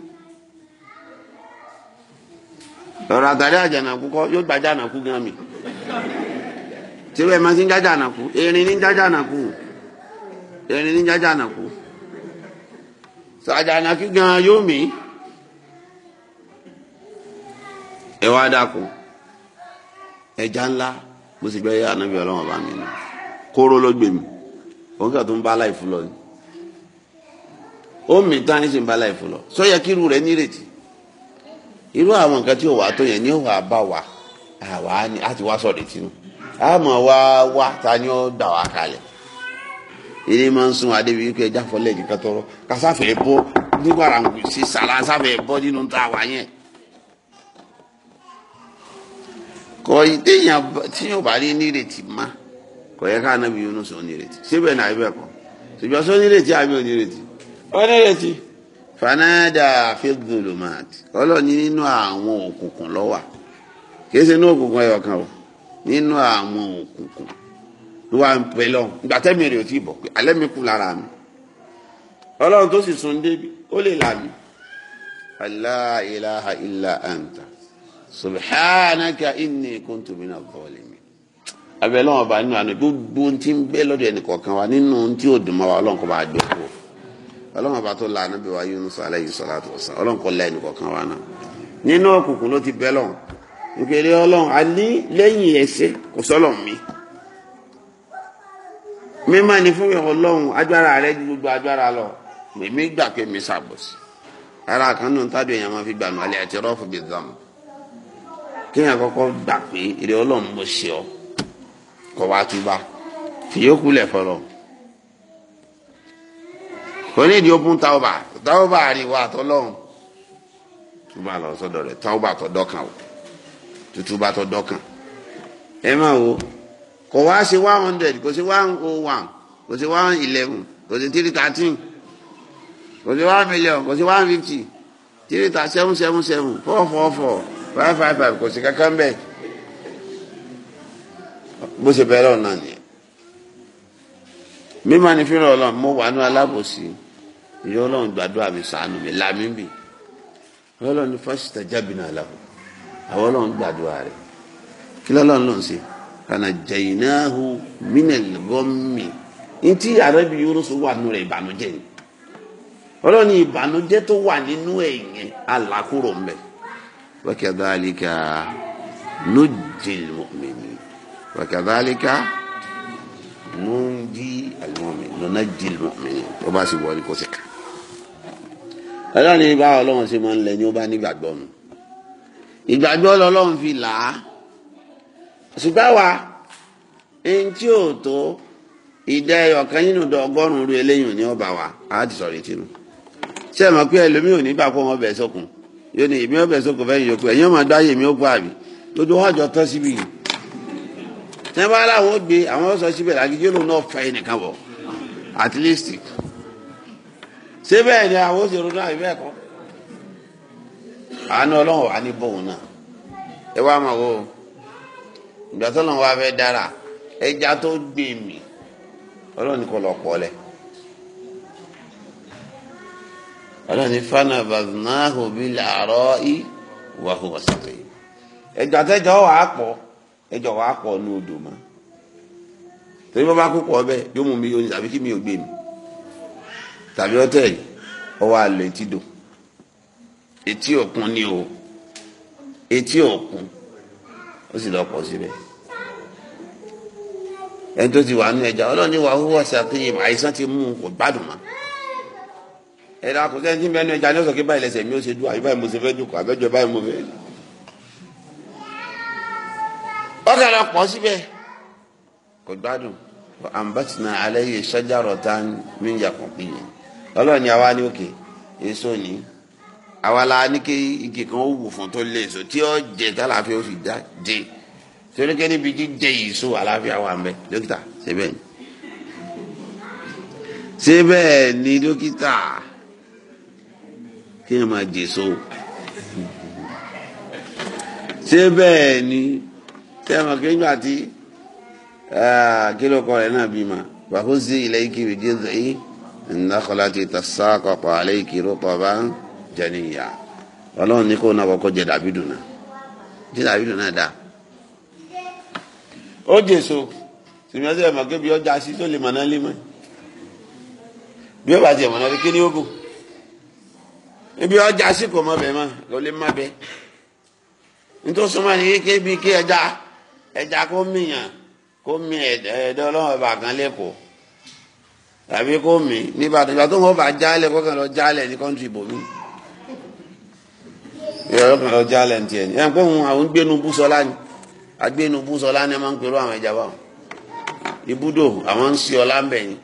ọ̀rọ̀ àtàrí àjànàkú kọ́ yóò gbajà ànàkú gan mi tí wẹ́ẹ̀ máa ti ń jájà nàkú erin ní jájà nàkú erin ní jájà nàkú sàjà nàkú gan yóò mí ẹ wá dákun ẹja ńlá mo sì gbé ànábì ọlọ́wọ́n bá mi nù kóró ló gbé mi òun kà tó ń bá láì fún lọ ni ó mi tán ní sì ń bá láì fún lọ sọ yẹ kí irú rẹ nírètí irú àwọn nǹkan tí ò wà tó yẹn ni ó wà bá wà. àwa ni a ti wá sọ̀rọ̀ etí a mọ̀ wá wá ta ni ó dà wá kalẹ̀ eré máa ń sun adébí wípé ẹja fọlẹ́ nìkan tọrọ kásáfẹ́ bọ́ nígbà rà sí bọ́ nínú yẹn. kọ téèyàn tí yóò bá rí nírètí má kò yẹ ká sọ nírètí síbẹ̀ náà ibẹ̀ ṣùgbọ́n sọ nírètí àbí fanada ọlọ́ọ̀ni nínú kìí ṣe òkùnkùn ẹyọ kan o nínú àwọn òkùnkùn ló wà ń pè lọ ìgbà tẹ́mi rè ó ti bọ̀ mi kú lára mi tó sì débi ó lè ilaha anta subhanaka inni kuntu mina zalimin abẹ́lẹ́ bá nínú àná gbogbo ń lọ́dọ̀ ẹnì kọ̀ọ̀kan wa nínú tí dùn mọ́ wa ọlọ́run kò bá kú ọlọ́run tó wa nkèlè ọlọ́run Ali ní lẹ́yìn ẹ̀ṣẹ̀ kò sọ́lọ̀ mi mímọ́ ni fún mi ọlọ́run agbára rẹ ju gbogbo agbára lọ èmi gbà pé mi ṣàbòsí ara kan nù tádùn èèyàn máa fi gbà mọ́ alẹ́ àti rọ́ọ̀fù bíi dàmú kéèyàn kọ́kọ́ gbà pé èrè ọlọ́run mo ṣe ọ kọ́ wa túbà fìyókù lẹ̀ fọlọ́ kò ní ìdí open tauba tauba àríwá àtọ́lọ́run túbà lọ sọ́dọ̀ rẹ̀ tauba àtọ́dọ́ kan o tutu bá tọ́ dọ́kàn ẹ máa wo kò wá sí one hundred kò sí one oh one kò sí one eleven kò sí three thirteen kò sí one million kò sí one fifty three thirty seven seven seven four four four five five five kò sí kankan bẹ́ẹ̀ bó ṣe bẹ̀rẹ̀ ọ̀nà nìyẹn mímọ ni fílẹ̀ ọlọ́run mo wà ní alábòsí ìyá ọlọ́run gbàdúrà mi ṣàánú mi làmì bì ọlọ́run fásitì jẹ́bi làwọn àwọn ọlọ́run gbàdúrà rẹ̀ kí lọ́lọ́run ló ń ṣe kana jẹ̀yìnáhu minel gọ́mì ní tí àrẹ́bí Yúnúsù wà nù rẹ̀ ìbànújẹ́ ni ọlọ́run ní ìbànújẹ́ tó wà nínú ẹ̀ yẹn alákúrò mbẹ́ wa kadhalika nujjil mu'minin wa kadhalika nunji al-mu'minin nunajjil tó bá sì wọlé kó sì kà ọlọ́run ní ṣe máa ń lẹ ní ó bá ìgbàgbọ́ lọ́lọ́run fi là á ṣùgbọ́n wa ẹni tí ò tó ìdá ọ̀kan nínú ọgọ́rùn-ún rú eléyìí ní ọba wa á ti sọ̀rọ̀ ìtinú ṣé ẹ mọ̀ pé ẹlòmíì ò ní gbà kó wọn bẹ̀ sókun yóò ní èmi ọbẹ̀ sókun fẹ́ yòókù ẹ̀yìn ọmọ ọdọ ayé èmi ó kú àbí lójú wọn àjọ tán síbi yìí tẹ́ bá láwọn ó gbé àwọn ó sọ síbẹ̀ làgídí olóhùn náà fẹ́ ẹnìkan bọ̀ at least ṣé bẹ́ẹ̀ ni àwọn ó àánú ọlọ́run wà ní bòun náà ẹ wá máa wo ìgbà tó wá fẹ́ dára ẹja tó gbé mi ọlọ́run kò lọ pọ̀ lẹ̀ ọlọ́run fana bazunahu bil ara'i wa huwa saqim ẹja wà á pọ̀ wà á pọ̀ ní odò mọ́ etí òkun ni o etí òkun ó sì lọ pọ̀ síbẹ̀ ẹni ti wà nú ẹja ọlọ́ọ̀ni wà ó wà sàkéyìm àìsàn ti mú kò gbádùn mọ́ ẹ̀rọ kò sẹ́ni tí ń bẹ nú ẹja ní ọ̀sán kí báyìí lẹ́sẹ̀ mi ó ṣe dùn àbí báyìí mo ṣe fẹ́ dùkọ̀ àbẹ́jọ báyìí mo fẹ́ ọkà lọ pọ̀ síbẹ̀ kò gbádùn àǹbátìnà alẹ́ yìí sọ́jà rọ̀ tán mí yàkùn ọlọ́ọ̀ni àwa ni òkè èso àwa la ní kí igi kan ó wù fún tó lé èso tí ó jẹ tálàáfíà ó fi dá dé torí kí níbi jíjẹ èso àlàáfíà wà mbẹ dókítà ṣe bẹ́ẹ̀ ni ṣe bẹ́ẹ̀ ni dókítà kí ni máa jèso ṣe bẹ́ẹ̀ ni tẹ́wọ̀n kéńgbà tí kí ló kọ́ rẹ̀ náà bímọ wàhùn sí ilẹ̀ ìkíbi jésù yìí ńlá kọ́lá ti tà sáà kọ́kọ́ àlẹ́ ìkírò bá ń. jẹniya ọlọ́run ní kó náà kọ́kọ́ jẹ dàbídù náà jẹ dàbídù náà dá. ó jèso sèmíọ́sẹ̀ ẹ̀ mọ̀ kébi ọjà sí tó lè mọ̀ náà bí ó bá jẹ mọ̀ náà kí ni ó kù ibi ọjà sí kò mọ̀ bẹ́ẹ̀ mọ́ kò lè má bẹ́ẹ̀ nítorí sọ́mọ́ ni ẹja ẹja kó mìyàn kó mi ẹ̀dọ́ ọlọ́run ọba kan lẹ́kọ̀ọ́ tàbí kó mi nígbà tó ń bá ìrọ̀lọ́ kan lọ ẹni ní tiẹ̀ ní àwọn ni agbénu búsọlá ni ẹ máa ń pẹ̀lú àwọn ìjàmbá wọn ibùdó àwọn ń sí ọlá ń bẹ̀ yín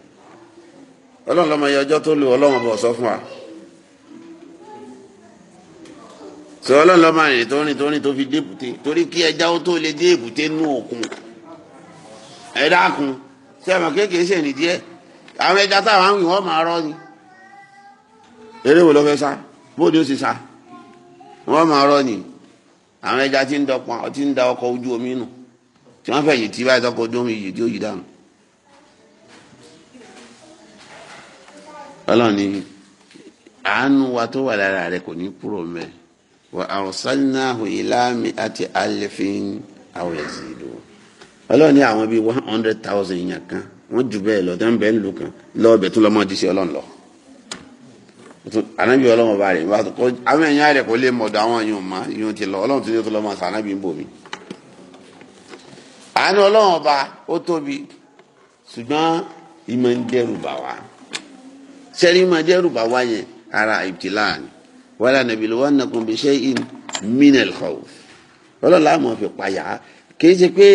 yẹ tó sọ fún wa sọ tó rìn tó rìn tó fi dé èbúté torí kí tó lè dé èbúté nú òkun ẹ dákun ṣé ẹ ṣe àwọn ni eré wo ló wọ́n máa rọ ni àwọn ẹja tí ń dọpọn ọtí ń da ọkọ̀ ojú omi nù tí wọ́n fẹ́ tí báyìí tọkọ̀ ojú omi yìí tí ó yìí dànù. ọlọ́ni àánú wa tó wà lára rẹ̀ kò ní kúrò mẹ́ wa arsalnahu ila mi'ati alfin aw yazidu ọlọ́ni àwọn bíi one hundred thousand yẹn kan wọ́n jù bẹ́ẹ̀ lọ tẹ́ ń bẹ́ẹ̀ kan lọ́ọ́ tó lọ́mọdé sí ọlọ́run lọ́ọ́ anabi ọlọ́run bá rẹ̀ wá kó àwọn ẹ̀yìn rẹ̀ kò lè mọ̀dọ̀ àwọn yòó ma yòó ti lọ ọlọ́run ti ní tó lọ́ máa sàn anabi ń bò mí. àánú ọlọ́run ọba ó tóbi ṣùgbọ́n ìmọ̀ ń dẹ́rù bà wá sẹ́ni ìmọ̀ dẹ́rù bà wá yẹn ara ìbtìlá ni wala nabluwannakum bi shay'in minal khawf ọlọ́run láàmú fi payà kì í ṣe pé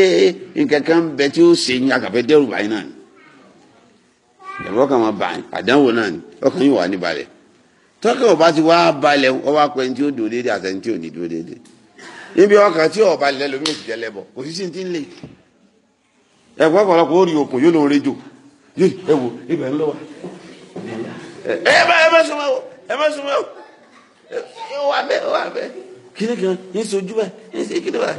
nǹkan kan bẹ tí ó ṣe ní àgàfẹ́ dẹ́rù báyìí náà ni ẹ̀rọ kan máa bá àdánwò náà ni ọkàn yóò wà níbalẹ̀ tọ́kẹ́ ọba ti wá balẹ̀ ọwọ́ akọ tí ó dúró déédé àti ẹni tí ò ní dúró déédé níbi ọkàn tí ọba lẹ lómi ò ti jẹ lẹbọ kò sí sí ti ń lè ẹ̀kọ́ ọ̀pọ̀lọpọ̀ ó rí okùn yóò ẹ wò ibẹ̀ ń lọ wa ẹ o ẹ súnmọ́ o ẹ wà bẹ́ẹ̀ ẹ wà bẹ́ẹ̀ kíni kan sojú bẹ́ẹ̀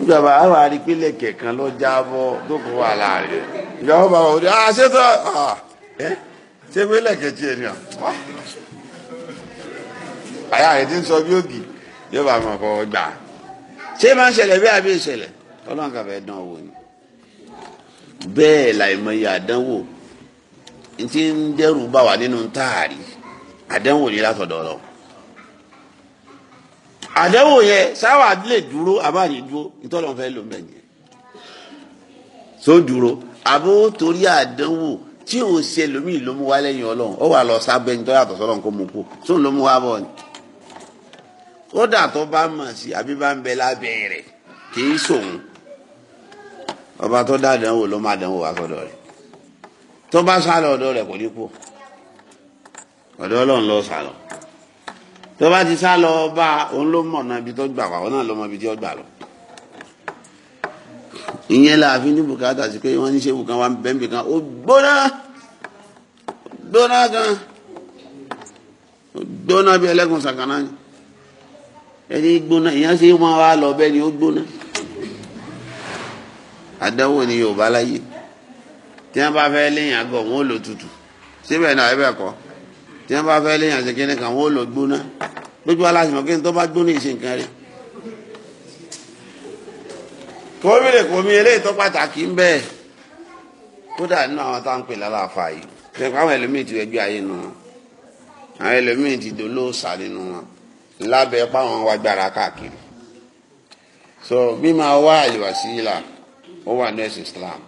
ìjọba àwọn arípínlẹ̀ kẹ̀kan lọ tó wà láàrin ìjọba bàbá òde àṣetọ́ àyà rẹ̀ ti ń sọ bí ògì yóò bá mọ̀ fọwọ́ gbà á ṣé máa ń ṣẹlẹ̀ bí àbí ìṣẹlẹ̀ ọlọ́run kà fẹ́ dán owó ni bẹ́ẹ̀ làìmọye àdánwò tí ń dẹ́rù bà wá nínú táàrí àdánwò ni látọ̀dọ̀ lọ àdánwò yẹn sáwà lè dúró àbáyé dúró ìtọ́lọ́run fẹ́ ló ń bẹ̀ yẹn tó dúró àbó torí àdánwò tí ò ṣe lómi ìlómú wa lẹ́yìn ọlọ́run ó wà lọ sábẹ́ ní tó yàtọ̀ sọ́lọ́run kó mú kó tóun ló mú wa bọ̀ ni. kódà tó bá mọ̀ sí àbí bá ń bẹ kì í sòun ọba tó dá àdánwò ló máa dánwò wá rẹ̀ tó bá sálọ ọ̀dọ̀ rẹ̀ kò ní kú ọ̀dọ̀ lọ sálọ tó bá ti sálọ ọba òun ló náà ibi tó gbà wá òun náà ibi tí ó la àfi ní bukata sí pé ní kan wà kan ó gbóná gbóná gan gbóná bí sàkánná ẹni gbóná èèyàn ṣe máa wá lọ bẹ́ẹ̀ ni ó gbóná àdánwò ni yorùbá láyé tí wọ́n bá fẹ́ léyìn àgọ́ wọn ò lò tutù síbẹ̀ náà ẹ bẹ̀ kọ́ tí wọ́n bá fẹ́ léyìn àti kíni kan wọn ò lò gbóná aláṣẹ kí n tó bá gbóná ìṣe nǹkan rẹ̀ kòmìnì kòmí eléyìí tó pàtàkì ń bẹ́ẹ̀ kódà nínú àwọn tá à ń pè lálàáfà ẹlòmíì ti ayé nù wọn àwọn ẹlòmíì ti lábẹ́ páwọn wá gbára káàkiri so mímọ wá àlùwàsílà ó wà ní ẹ̀sìn Islam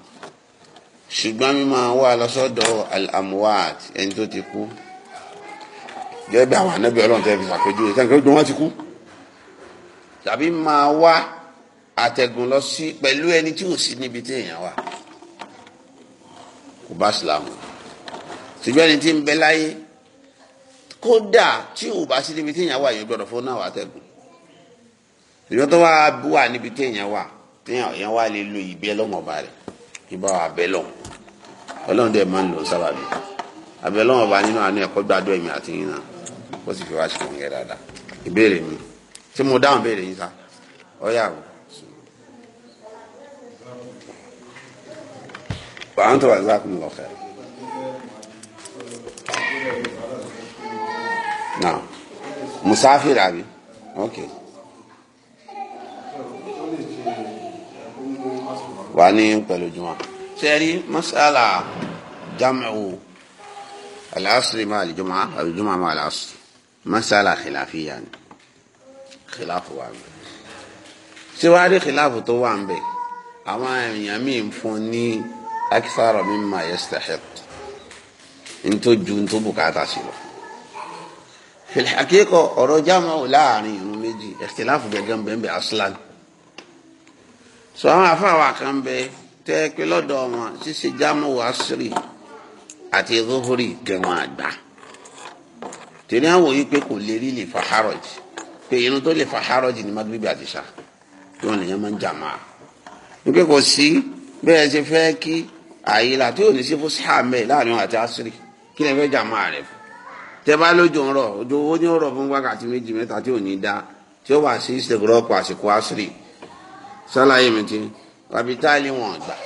ṣùgbọ́n mímọ wá lọ́sọ́dọ̀ al-amwat ẹni tó ti kú gẹ́gẹ́ bí àwọn anábì ọlọ́run tẹ́ fi ṣàpèjúwe tẹ́ nǹkan gbọ́n wọ́n ti kú tàbí máa wá àtẹ̀gùn lọ sí pẹ̀lú ẹni tí ò sí níbi tí èèyàn wà kò bá Islam ṣùgbọ́n ẹni tí ń bẹ láyé kódà tí ò bá sí níbi téèyàn wà yẹn gbọ́dọ̀ fún náà wà tẹgùn ìyọ́n tó wá wà níbi téèyàn wà téèyàn yẹn wà lè lo ìbẹ́ lọ́wọ́ ọba rẹ̀ ìbá wa bẹ́ lọ ọlọ́run dẹ̀ máa ń lò sábàbí àbẹ̀ lọ́wọ́ ọba nínú àánú ẹ̀kọ́ gbàdúrà èmi àti yín náà ó sì fi wá ṣe kọ̀ǹgẹ́ dáadáa ìbéèrè mi tí mo dáhùn béèrè yín sá ọ yà wò. wàá ń tọ́ wà zákùn lọ́kẹ́. نعم مسافر عبي اوكي واني ينقل الجمعة سيري مسألة جمع العصر مع الجمعة أو الجمعة مع العصر مسألة خلافية يعني خلاف وعن سواري خلاف طوان به أما يمين فني أكثر مما يستحق انتو جنتو بكاتا سيلو fìlẹ àkíkọ ọ̀rọ̀ jámáwò láàrin ìrun méjì ẹkìláàfù gẹ́gẹ́ bẹnbẹ aslan sọ àwọn afáwà kan bẹ tẹ pé lọ́dọ̀ wọn ṣíṣe jámáwò asiri àti zuhuri gẹwọn àgbà tẹ̀lé àwọn yìí pé kò lè rí lè fa harrod pé irun tó lè fa harrod ní magrebi àti sa tí wọn lèyàn máa ń jàmá wípé kò sí bẹ́ẹ̀ ṣe fẹ́ kí àyílà tí ò ní sí fún sáà mẹ́ẹ̀ láàrin wọn àti asiri kí lè fẹ́ jàmá rẹ̀ fún tẹ bá lójú ń rọ ojú owó ní rọ fún wákàtí méjì mẹ́ta tí ò ní dá tí ó wà sí ìṣègùrọpọ àsìkò àṣírí sálàyé mi ti tàbí táàlì wọn gbà.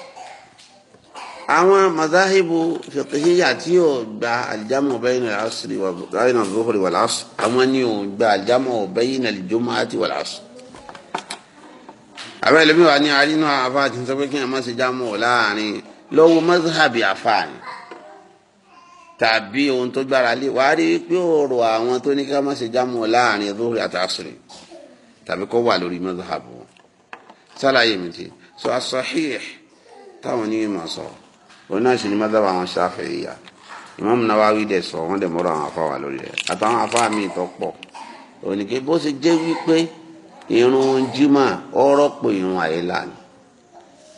àwọn mazahibu fiqhiyya tí ò gba aljamu bayna al-asri wa bayna al-zuhri wal-asr àwọn ni ò gba aljamu bayna al-jumu'ati wal-asr. àbẹ́ ìlú mi wà ní àrínú àfa àti sọ pé kí n má ṣe tàbí ohun tó gbára lé wàá rí pé ọ̀rọ̀ àwọn tó ní ká má ṣe jámọ láàrin lórí àtàsírí tàbí kó wà lórí mọ́tòhábù wọn sálàyé mi ti sọ as-sahih táwọn onímọ̀ sọ òun náà sì ní mọ́tòhábù àwọn Ṣáfi'íyà Imam Nawawi dẹ̀ sọ wọ́n dẹ̀ mọ́rọ̀ àwọn afá wa lórí rẹ̀ àtàwọn afá mi tó pọ̀ òníkè bó ṣe jẹ́ wípé irun jimá ọ̀rọ̀ pé irun àyílà ni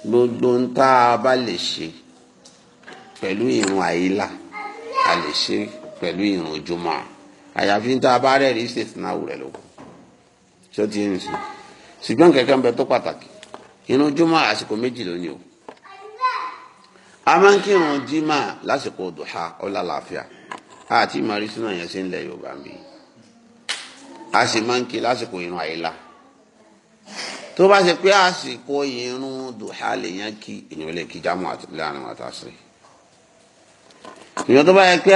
gbogbo ń tá a bá lè ṣe pẹ̀lú irun àyílà a lè ṣe pẹ̀lú ìrun ojúmọ́ àyàfi tá a bá rẹ́rìí ṣètì náà wù rẹ̀ lóko ṣó ti ń sìn ṣùgbọ́n kẹ̀kẹ́ ń bẹ tó pàtàkì ìrun ojúmọ́ àsìkò méjì lónìí o a máa ń kírun jímà lásìkò dùhà ọlálàáfíà àti ìmọ̀rí súnà yẹn sí ilẹ̀ yorùbá ń a sì máa ń kí lásìkò ìrun àyílá tó bá ṣe pé àsìkò ìrun dùhà lèèyàn kí ènìyàn lè kí jámù àti láàrin àtàṣe ìyẹn tó bá yẹ pé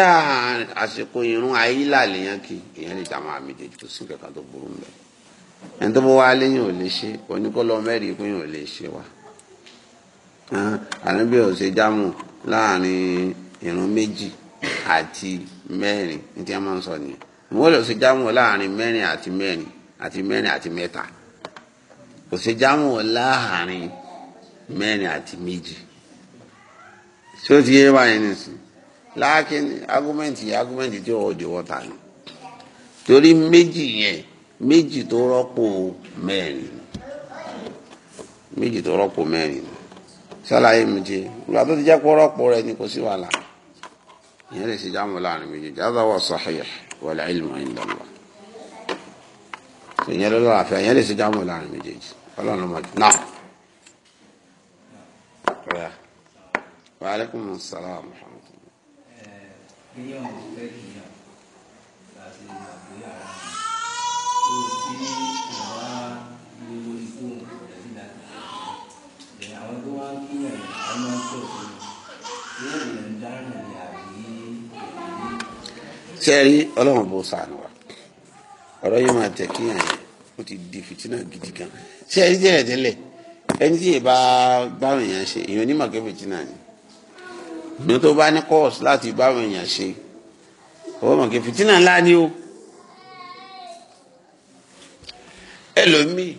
àsìkò irun ayílà lèyàn kì ìyẹn lè jàmọ àmì jèjì kò sí kankan tó burú mbẹ ẹni tó bá wá léyìn ò lè ṣe oníkólọ mẹ́rin pé yìí ò lè ṣe wa àníbi ò ṣe jámù láàrin irun méjì àti mẹ́rin ní tí wọn máa ń sọ nìyẹn wọn lè ṣe jámù láàrin mẹ́rin àti mẹ́rin àti mẹ́rin àti mẹ́ta kò jámù láàrin mẹ́rin àti méjì tí ó ti yé báyìí nìsín. láàkíní argument yìí argument tí ó di wọ́ta ni torí méjì yẹn méjì tó rọ́pò mẹ́rin méjì tó rọ́pò mẹ́rin ṣàlàyé mi jẹ ìgbà tó ti jẹ́ kó rọ́pò rẹ ni kò sí wàhálà ìyẹn lè ṣe sahih wal ilmu inda Allah kéèyàn ò fẹ́ kéèyàn láti àgbéyà ara mi ó ti ìwà gbogbo ikú ọ̀rẹ́ sí láti ẹ̀ àwọn tó wá ń kíyàn àwọn máa ń pọ̀ sí i yóò lè ń dáràn ọlọ́run bó sàánù wa ọ̀rọ̀ yóò máa tẹ̀ yẹn ó ti di fìtínà gidi gan ṣe rí tẹ́lẹ̀ tẹ́lẹ̀ ẹni tí yìí bá báwọn èèyàn ṣe èèyàn onímọ̀ ni bí tó bá ní kọ́ọ̀sì láti báwọn èèyàn ṣe ó mọ̀ kí fìtínà ńlá ni o ẹlòmíì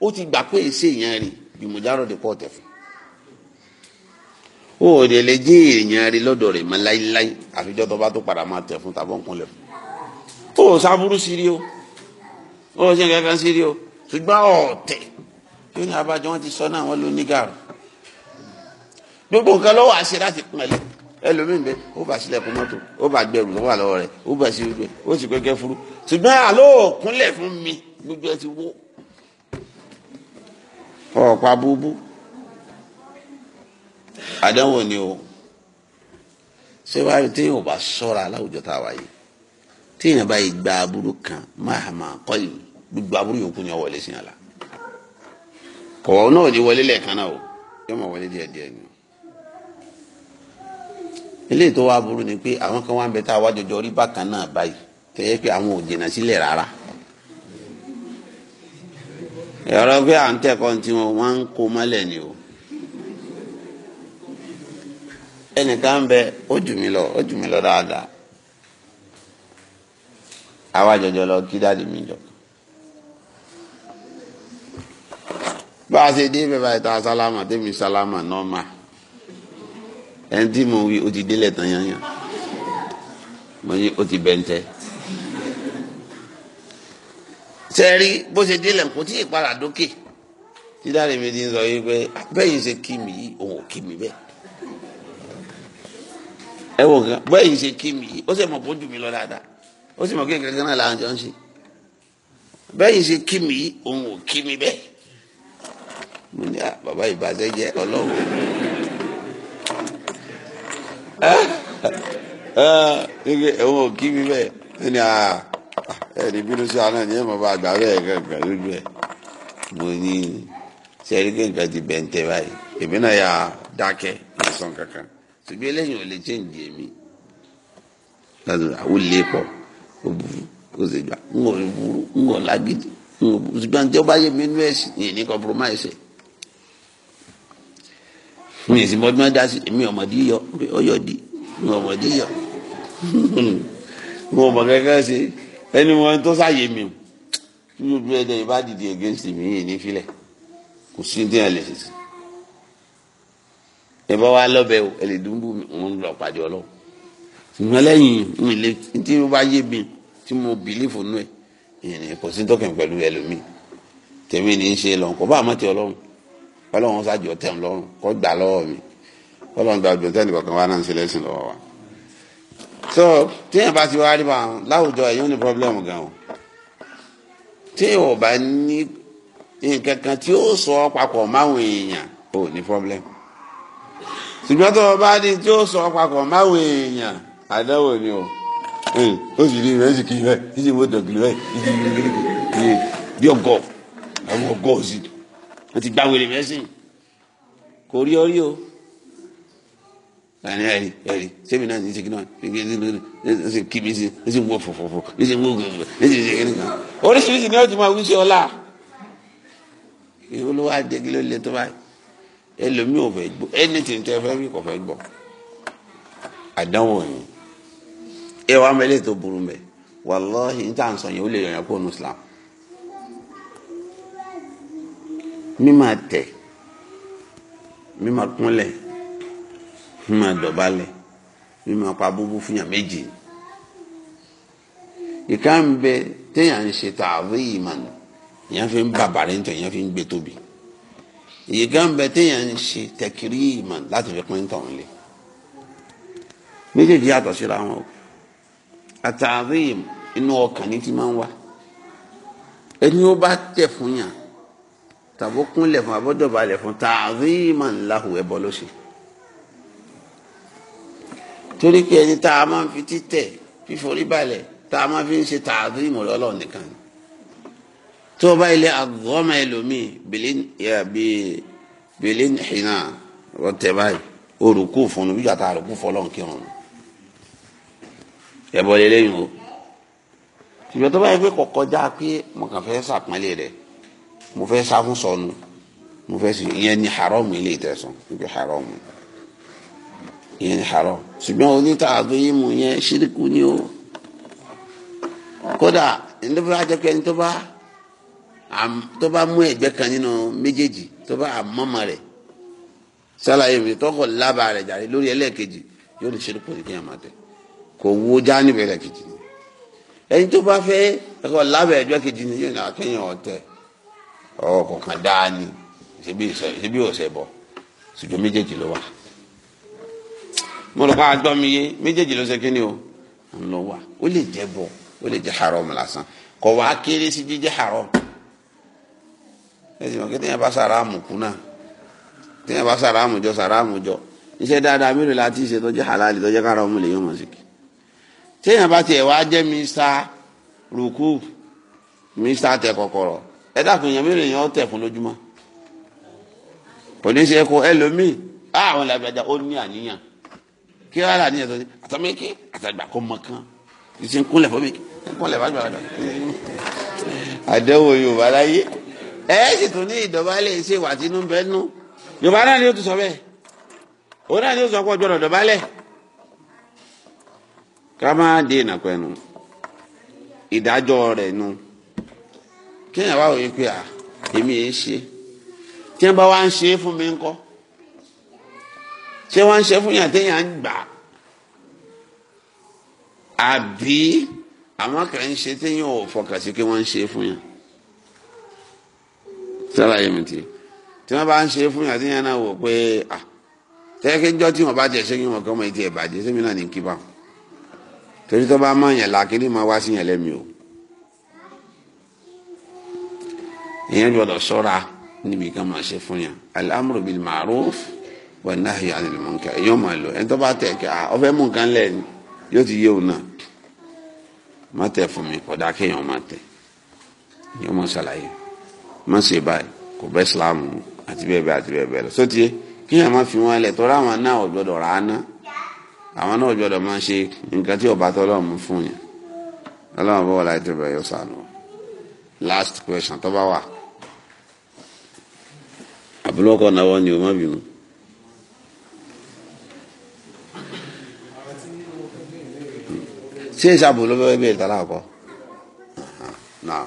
ó ti gbà pé èsì èèyàn rí jùmọ̀járò dé pọ̀ tẹ̀fù ó òde lè jẹ́ èèyàn rí lọ́dọ̀ rẹ̀ mọ́ láíláí àfijọ́ tó bá tó padà máa tẹ̀ fún tàbọ̀ nǹkan lẹ̀ fún ó sábúrú sí rí o ó ṣe kankan sí rí o ṣùgbọ́n ọ̀tẹ̀ yóò ní abájọ́ wọn ti sọ náà wọn ló ní gàrú gbogbo nǹkan lọ́wọ́ àṣẹ láti pọn ẹlẹ ẹlòmíín bẹ ó bá sílẹ̀kùn mọ́tò ó bá gbẹrù lọ́wọ́ àlọ́wọ́ rẹ ó bá sí ojú ẹ ó sì kẹ́kẹ́ furu ṣùgbọ́n àlọ́ òkúnlẹ̀ fún mi gbogbo ẹ ti wó ọ̀pá búbú àdánwò ni o ṣé wàá rí téèyàn ò bá ṣọ́ra láwùjọ tá a wáyé téèyàn bá yìí gba aburú kan máa máa kọ́ yìí gbogbo aburú yòókù ni ọ wọlé sí yàrá kọ̀ọ̀ náà ò ní wọlé lẹ́ẹ̀kan náà o yóò máa wọlé díẹ̀díẹ̀ ni ele tó wá burú ni pé àwọn kan wá ń bẹ tá a wá jọjọ rí bákan náà báyìí tó yẹ pé àwọn ò jìnnà sílẹ̀ rárá pé à ń tí wọn ń kó ni o ẹnìkan bẹ ó jù mí lọ ó jù mí lọ dáadáa àwa jọjọ lọ kí mi jọ a ṣe dé bẹ́ẹ̀ tá a sálámà tẹ́mi ẹni tí mo wí o ti délẹ̀ tán yanyan mo ní o ti bẹ̀ntẹ́ sẹ́ẹ̀rí bó ṣe délẹ̀ kò tí ì padà dókè tí dáre mi ti ń sọ yìí pé bẹ́yìn ṣe kí mi yìí òun ò kí mi bẹ́ẹ̀ ẹ wò kan bẹ́yìn ṣe kí mi yìí ó sì mọ̀ bójú mi lọ dáadáa ó sì mọ̀ kí nǹkan kan náà làwọn jọ ń ṣe bẹ́yìn ṣe kí mi yìí òun ò kí mi bẹ́ẹ̀ mo ní à bàbá ìbàjẹ́ jẹ́ ọlọ́run. òun eh, ò eh, eh, oh, kí mi ẹni ni ẹ mọ̀ bá gbà bẹ́ẹ̀ kankan lójú ẹ̀ mo ní sẹ́rí kankan ti bẹ̀ǹtẹ̀ báyìí èmi náà yà dákẹ́ ìsọ̀n kankan ṣùgbọ́n eléyìí ò lè chẹ́ǹjì èmi lọ́dún àwọn pọ̀ ó burú ó sì gbà ń mi èsì bọ́dún máa dá sí mi ọmọdé yọ ọyọ di mi ọmọdé yọ mo mọ kankan ṣe ẹni mo tó sáàyè mi o tí mo dúró ẹdẹ ìbá dìde against mi yìí ní filẹ kò sí ní ẹ lè ṣe sí ẹ bá wa lọbẹ o ẹ lè dùn bù mí òun lọ pàdé ọlọ ṣùgbọ́n lẹ́yìn mi lè tí mo bá yé mi tí mo bìlífù nù ẹ ìyẹn kò sí tọkàn pẹ̀lú ẹlòmíì tèmi ní í ṣe lọ kò bá àmọ́ tẹ ọlọ́run ọlọ́run ṣàjọ tẹ̀ ń lọ́rùn gbà lọ́wọ́ mi ọlọ́run gba ọdún tẹ́lẹ̀ kọ̀ọ̀kan wá náà ṣe lẹ́sìn lọ́wọ́ wa. so téèyàn bá ti wá rí báwọn láwùjọ ẹ̀yìn ní pọ́blẹ́mù gan o téèyàn ò bá ní nǹkan kan tí ó sọ papọ̀ máwọn èèyàn ò ní pọ́blẹ́mù ṣùgbọ́n tó o bá ní tí ó sọ papọ̀ máwọn èèyàn àdáwò ni o ó sì rí rẹ̀ sì kiri rẹ̀ ìsì mọ́tò kiri rẹ̀ bí ọgọ́ àwọn ọgọ́ òsì wọ́n ti gba wèrè mẹ́sìn kò rí orí o ẹni ẹni ẹni sẹ́mi náà ní sẹ́kínà ní kíbi sí ní sẹ́mi wọ́ fọ̀fọ̀fọ̀ ní sẹ́mi wọ́ gbẹ̀gbẹ̀ ní sẹ́mi sẹ́kínà kan oríṣiríṣi ni ó ti máa wí sí ọlá ìwọ ló wá dé kí ló lè tó báyìí ẹlòmíì ò fẹ́ gbọ́ ẹni tí ń tẹ́ fẹ́ mi kò fẹ́ àdánwò yìí ẹ wàá mẹ́lẹ̀ tó burú mẹ́ wàláhì ní tà ń sọ yẹn ó lè yọ̀yàn kó nu Islam. mímà tẹ̀ mímà kúnlẹ̀ mímà dọ̀bálẹ̀ mímà pa búbú fún yàn méjì ìka ń bẹ téèyàn ń ṣe tààrí ìmànà èèyàn fi ń bàbàrẹ̀ ń tọ̀ èèyàn fi ń gbé tóbi ìka ń bẹ téèyàn ń ṣe tẹkiri ìmànà láti fi pín tọ̀hún lé méjèèjì yàtọ̀ síra wọn o àtàrí inú ọkàn ní ti máa ń wá ẹni ó bá tẹ̀ fún yàn tàbó kúnlẹ̀ fún abọ́dọ̀balẹ̀ fún ta'ziman lahu ẹ̀bọ ló ṣe. torí pé ẹni tá a máa ń fi títẹ̀ fíforí balẹ̀ tá a máa fi ń ṣe ta'zim lọ́lọ́ nìkan ni. tó o bá ilé àgọ́mọ ẹlòmíì bèlè nìhìnà ọ̀tẹ̀ báyìí orùkú fún un bíjà tá a rùkú fọlọ́ nkírun o. ṣùgbọ́n tó bá yẹ pé kọ̀kọ́ pé mo kàn fẹ́ sàpọ́nlé rẹ̀ mo fẹ́ sá fún sọnù mo fẹ́ sùn ìyẹn ni haram ilé ìtẹ̀sán ibi haram ìyẹn ni haram ṣùgbọ́n oníta àgbéyé mu yẹn ṣíríkù ni o kódà nítorí ajẹ́ pé ẹni tó bá tó bá mú ẹ̀gbẹ́ kan nínú méjèèjì tó bá àmọ́mọ́ rẹ̀ sálàyé mi tọkọ lába rẹ̀ jàre lórí ẹlẹ́ẹ̀kejì yóò ní ṣíríkù ní kéèyàn máa tẹ̀ kò wo já níbẹ̀ ẹlẹ́ẹ̀kejì ni ẹni tó bá fẹ́ ẹ̀kọ́ lábẹ̀ ẹ̀gbẹ́ kejì ni yóò ní àkéèyàn ọ̀tẹ̀ ọ̀rọ̀ kọ̀ọ̀kan dáa ni ṣebí ọ̀sẹ̀ bọ̀ ṣùgbọ́n méjèèjì ló wà mo lọ kọ́ agbọ́n mi yé méjèèjì ló ṣe kí ni o ń lọ wà ó lè jẹ́ bọ̀ ó lè jẹ́ haram lásán kọ̀ wá kéré sí jíjẹ́ haram ẹ̀sìn wọn kí tẹ́yìn bá sàrámù kú náà tẹ́yìn bá sàrámù jọ sàrámù jọ iṣẹ́ dáadáa mélòó la ti ṣe tó jẹ́ halali tó jẹ́ kára ọmọ lè yọ̀ mọ̀ sí kí tẹ́yìn bá tiẹ̀ wá jẹ́ mr ruku mr tẹ kọkọrọ ẹ dákun èèyàn mélòó èèyàn tẹ̀ fún lójúmọ́ kò ní í ṣe kó ẹlòmíì àwọn làgbàjà ó ní àníyàn kí wàá làníyàn tó ní àtàmẹ́kẹ́ àtàgbà kò mọ̀ kan ìṣe ń kúnlẹ̀ fún mi ń kúnlẹ̀ fún àgbàlagbà. àdéhùn yorùbá láyé ẹ sì tún ní ìdọ̀bálẹ̀ ṣe wà sínú bẹ́ẹ̀ nú yorùbá náà ni ó ti sọ bẹ́ẹ̀ òun náà ni ó sọ pé ọjọ́ dọ̀bálẹ̀ ká má dé ìnàpẹ́nu ìdájọ́ rẹ̀ nu. No kéèyàn wá òye pé à èmi yẹn ṣe tí wọn bá wá ń ṣe é fún mi ńkọ́ ṣé wọn ń ṣe fún yàn téèyàn ń gbà àbí àwọn kan ń ṣe téèyàn ò fọkàn sí pé wọn ń ṣe fún yàn sálàyé mi ti tí wọn bá ń ṣe fún yàn téèyàn náà wò pé à tẹ́kẹ́ tí wọn bá jẹ ṣé kí wọn kọ́ ọmọ ìtì ẹ̀ bàjẹ́ sẹ́mi náà ní kí torí tó bá mọ̀ yẹn làkínní máa wá sí yẹn lẹ́mi o. èèyàn gbọ́dọ̀ ṣọ́ra níbi kan máa ṣe fún yàn al-amru bil ma'ruf wa nahy anil munkar èèyàn máa lò ẹni tó bá tẹ̀ kí ọfẹ́ mú nǹkan lẹ̀ ni yóò ti yé òun náà má tẹ̀ fún mi kódà kéèyàn má tẹ̀ èèyàn má ṣàlàyé má ṣe báyìí kò bẹ́ sílámù àti bẹ́ẹ̀ bẹ́ẹ̀ àti bẹ́ẹ̀ bẹ́ẹ̀ lọ sótìyé kéèyàn má fi wọn lẹ̀ tọ́ra àwọn náà ò rà á ná àwọn náà ò máa ṣe nǹkan tí ọba tọ́lọ́mù fún yàn ọlọ́run bọ́ wọlé àti bẹ́ẹ̀ yóò sànù last question tó bá wà àbúlọ́kọ̀ náwó ni o má bínú. ṣé ìṣàbò ló fẹ́ bẹ̀rẹ̀ tàlá àkọ́ náà.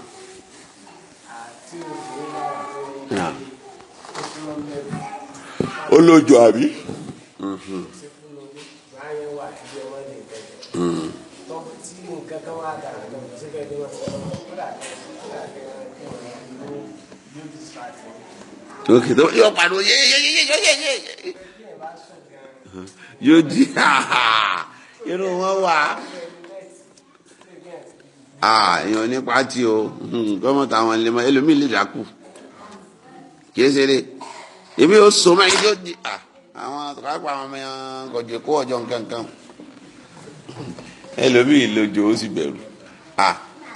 olójú àbí. Mhm. Mm ok tó yóò pariwo yeyeyeyeyeye yóò jí irú wọn wà èèyàn ní pátí o hmm, gọ́mọ̀tà àwọn ilé máa ẹlòmíì lè dákú kìí ṣeré ebi yóò so máa yóò di àwọn àtàkùn àwọn ọmọ yẹn kò jẹ kó ọjọ́ nkankan ẹlòmíì lójó ó sì bẹ̀rù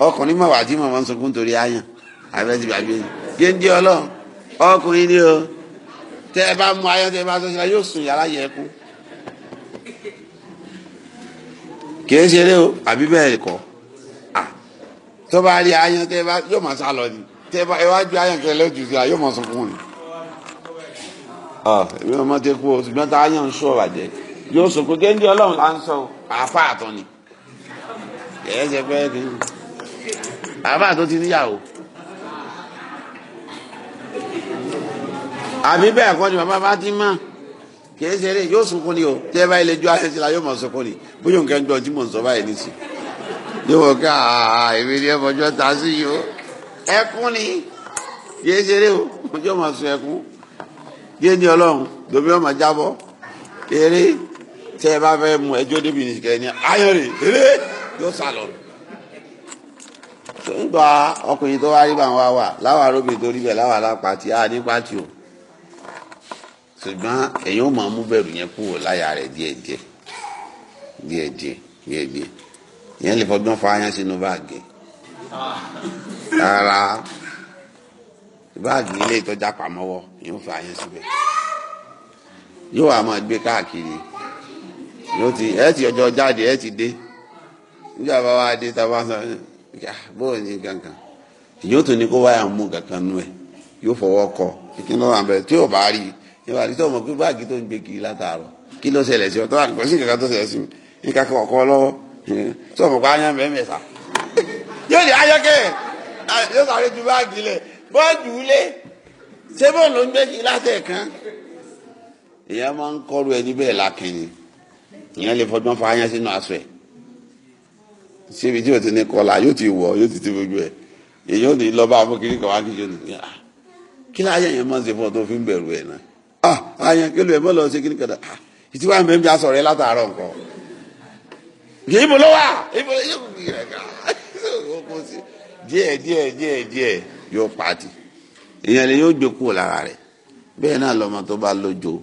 ọkùnrin máa wà tí màmá ń sọkún torí àyàn abẹ́tí bàbí yẹn jẹ́ ń jẹ́ ọlọ́run ọkùnrin ni o tẹ ẹ bá mú ayọ̀ tẹ ẹ bá sọ síra yóò sùn yàrá yẹ kú kìí ṣe eré o àbí bẹ́ẹ̀ kọ́ tó bá rí ayọ̀ tẹ ẹ bá yóò máa sá lọ ni tẹ ẹ wá ju ayọ̀ kẹlẹ ojú síra yóò máa sunkún ni èmi ò mọ tẹ kú o ṣùgbọ́n tá ayọ̀ ń sọ bàjẹ́ yóò sọ pé kéńdé ọlọ́run là ń sọ àáfà àtọ̀ ni kìí ṣe pé kìí àáfà àtọ̀ ti níyàwó. àbí bẹ́ẹ̀ kọ́ ni bàbá bá ti mọ̀ kì í ṣeré yóò sunkún ni o tẹ́ bá ilé ju ayé síra yóò mọ̀ sunkún ni bóyá nǹkan jọ tí mò ń sọ báyìí nísì yóò wọ ká èmi ni ẹ̀fọ́jọ́ ta sí yìí o ẹkún ni kì í ṣeré o ọjọ́ máa sun ẹkún kí ni ọlọ́run domi ọmọ jábọ́ eré tẹ́ ẹ bá fẹ́ mu ẹjọ́ débi nìkẹ́ ni ayọ̀rì eré yóò sá lọ. nígbà ọkùnrin tó wá rí bá wa wà láwa aróbìnrin tó rí bẹ̀ láwa lápá tí a ní pátì o ṣùgbọ́n èyàn ò máa mú bẹ̀rù yẹn kúrò láyà rẹ̀ díẹ̀díẹ̀ díẹ̀díẹ̀ díẹ̀díẹ̀ ìyẹn lè fọgbọ́n fa ayán sínú báàgì rárá báàgì ilé ìtọ́jà pàmọ́wọ́ yóò fa ayán síbẹ̀ yóò wá máa gbé káàkiri yóò ti ẹ ti ọjọ́ jáde ẹ ti dé nígbà bá wá dé tá a bá sọ bóyá ní kankan yóò tún ní kó wáyà mú kankan nú ẹ yóò fọwọ́ kọ ìkíni lọ́wọ́ àbẹ tí yóò bá rí i ìwà àti tó mọ̀ pé báàgì tó ń gbé kiri látàárọ̀ kí ló ṣẹlẹ̀ sí ọ tó wà kò sí nǹkan tó ṣẹlẹ̀ sí mi nǹkan kan ọ̀kọ́ lọ́wọ́ tó mọ̀ pé ayán bẹ́ẹ̀ mẹ́ta *laughs* yóò di ayọ́kẹ́ yóò sáré ju báàgì lẹ̀ bọ́ọ̀dù lé ṣé bọ́ọ̀ ló ń gbé kiri látẹ̀ kan èèyàn máa ń kọ́ru ẹni bẹ́ẹ̀ lákìnni èèyàn lè fọdún fa ayán sínú aṣọ ẹ̀ síbi tí o ti ní kọlà yóò ti wọ̀ yóò ti ti gbogbo ẹ̀ èèyàn ò ní lọ bá amókiri kan wá kí yóò ah, kí ah àyàn kí ló ẹ̀ mọ́ lọ ṣe kí ni kẹ̀dá ah, ìtí wàá mẹ́rin bí a sọ̀rọ̀ ẹ látàárọ̀ nǹkan kì í mú lọ́wọ́ díẹ̀ díẹ̀ díẹ̀ díẹ̀ yóò pàtì èèyàn lè yóò gbé kúrò lára rẹ̀ bẹ́ẹ̀ náà lọ́mọ tó bá lójó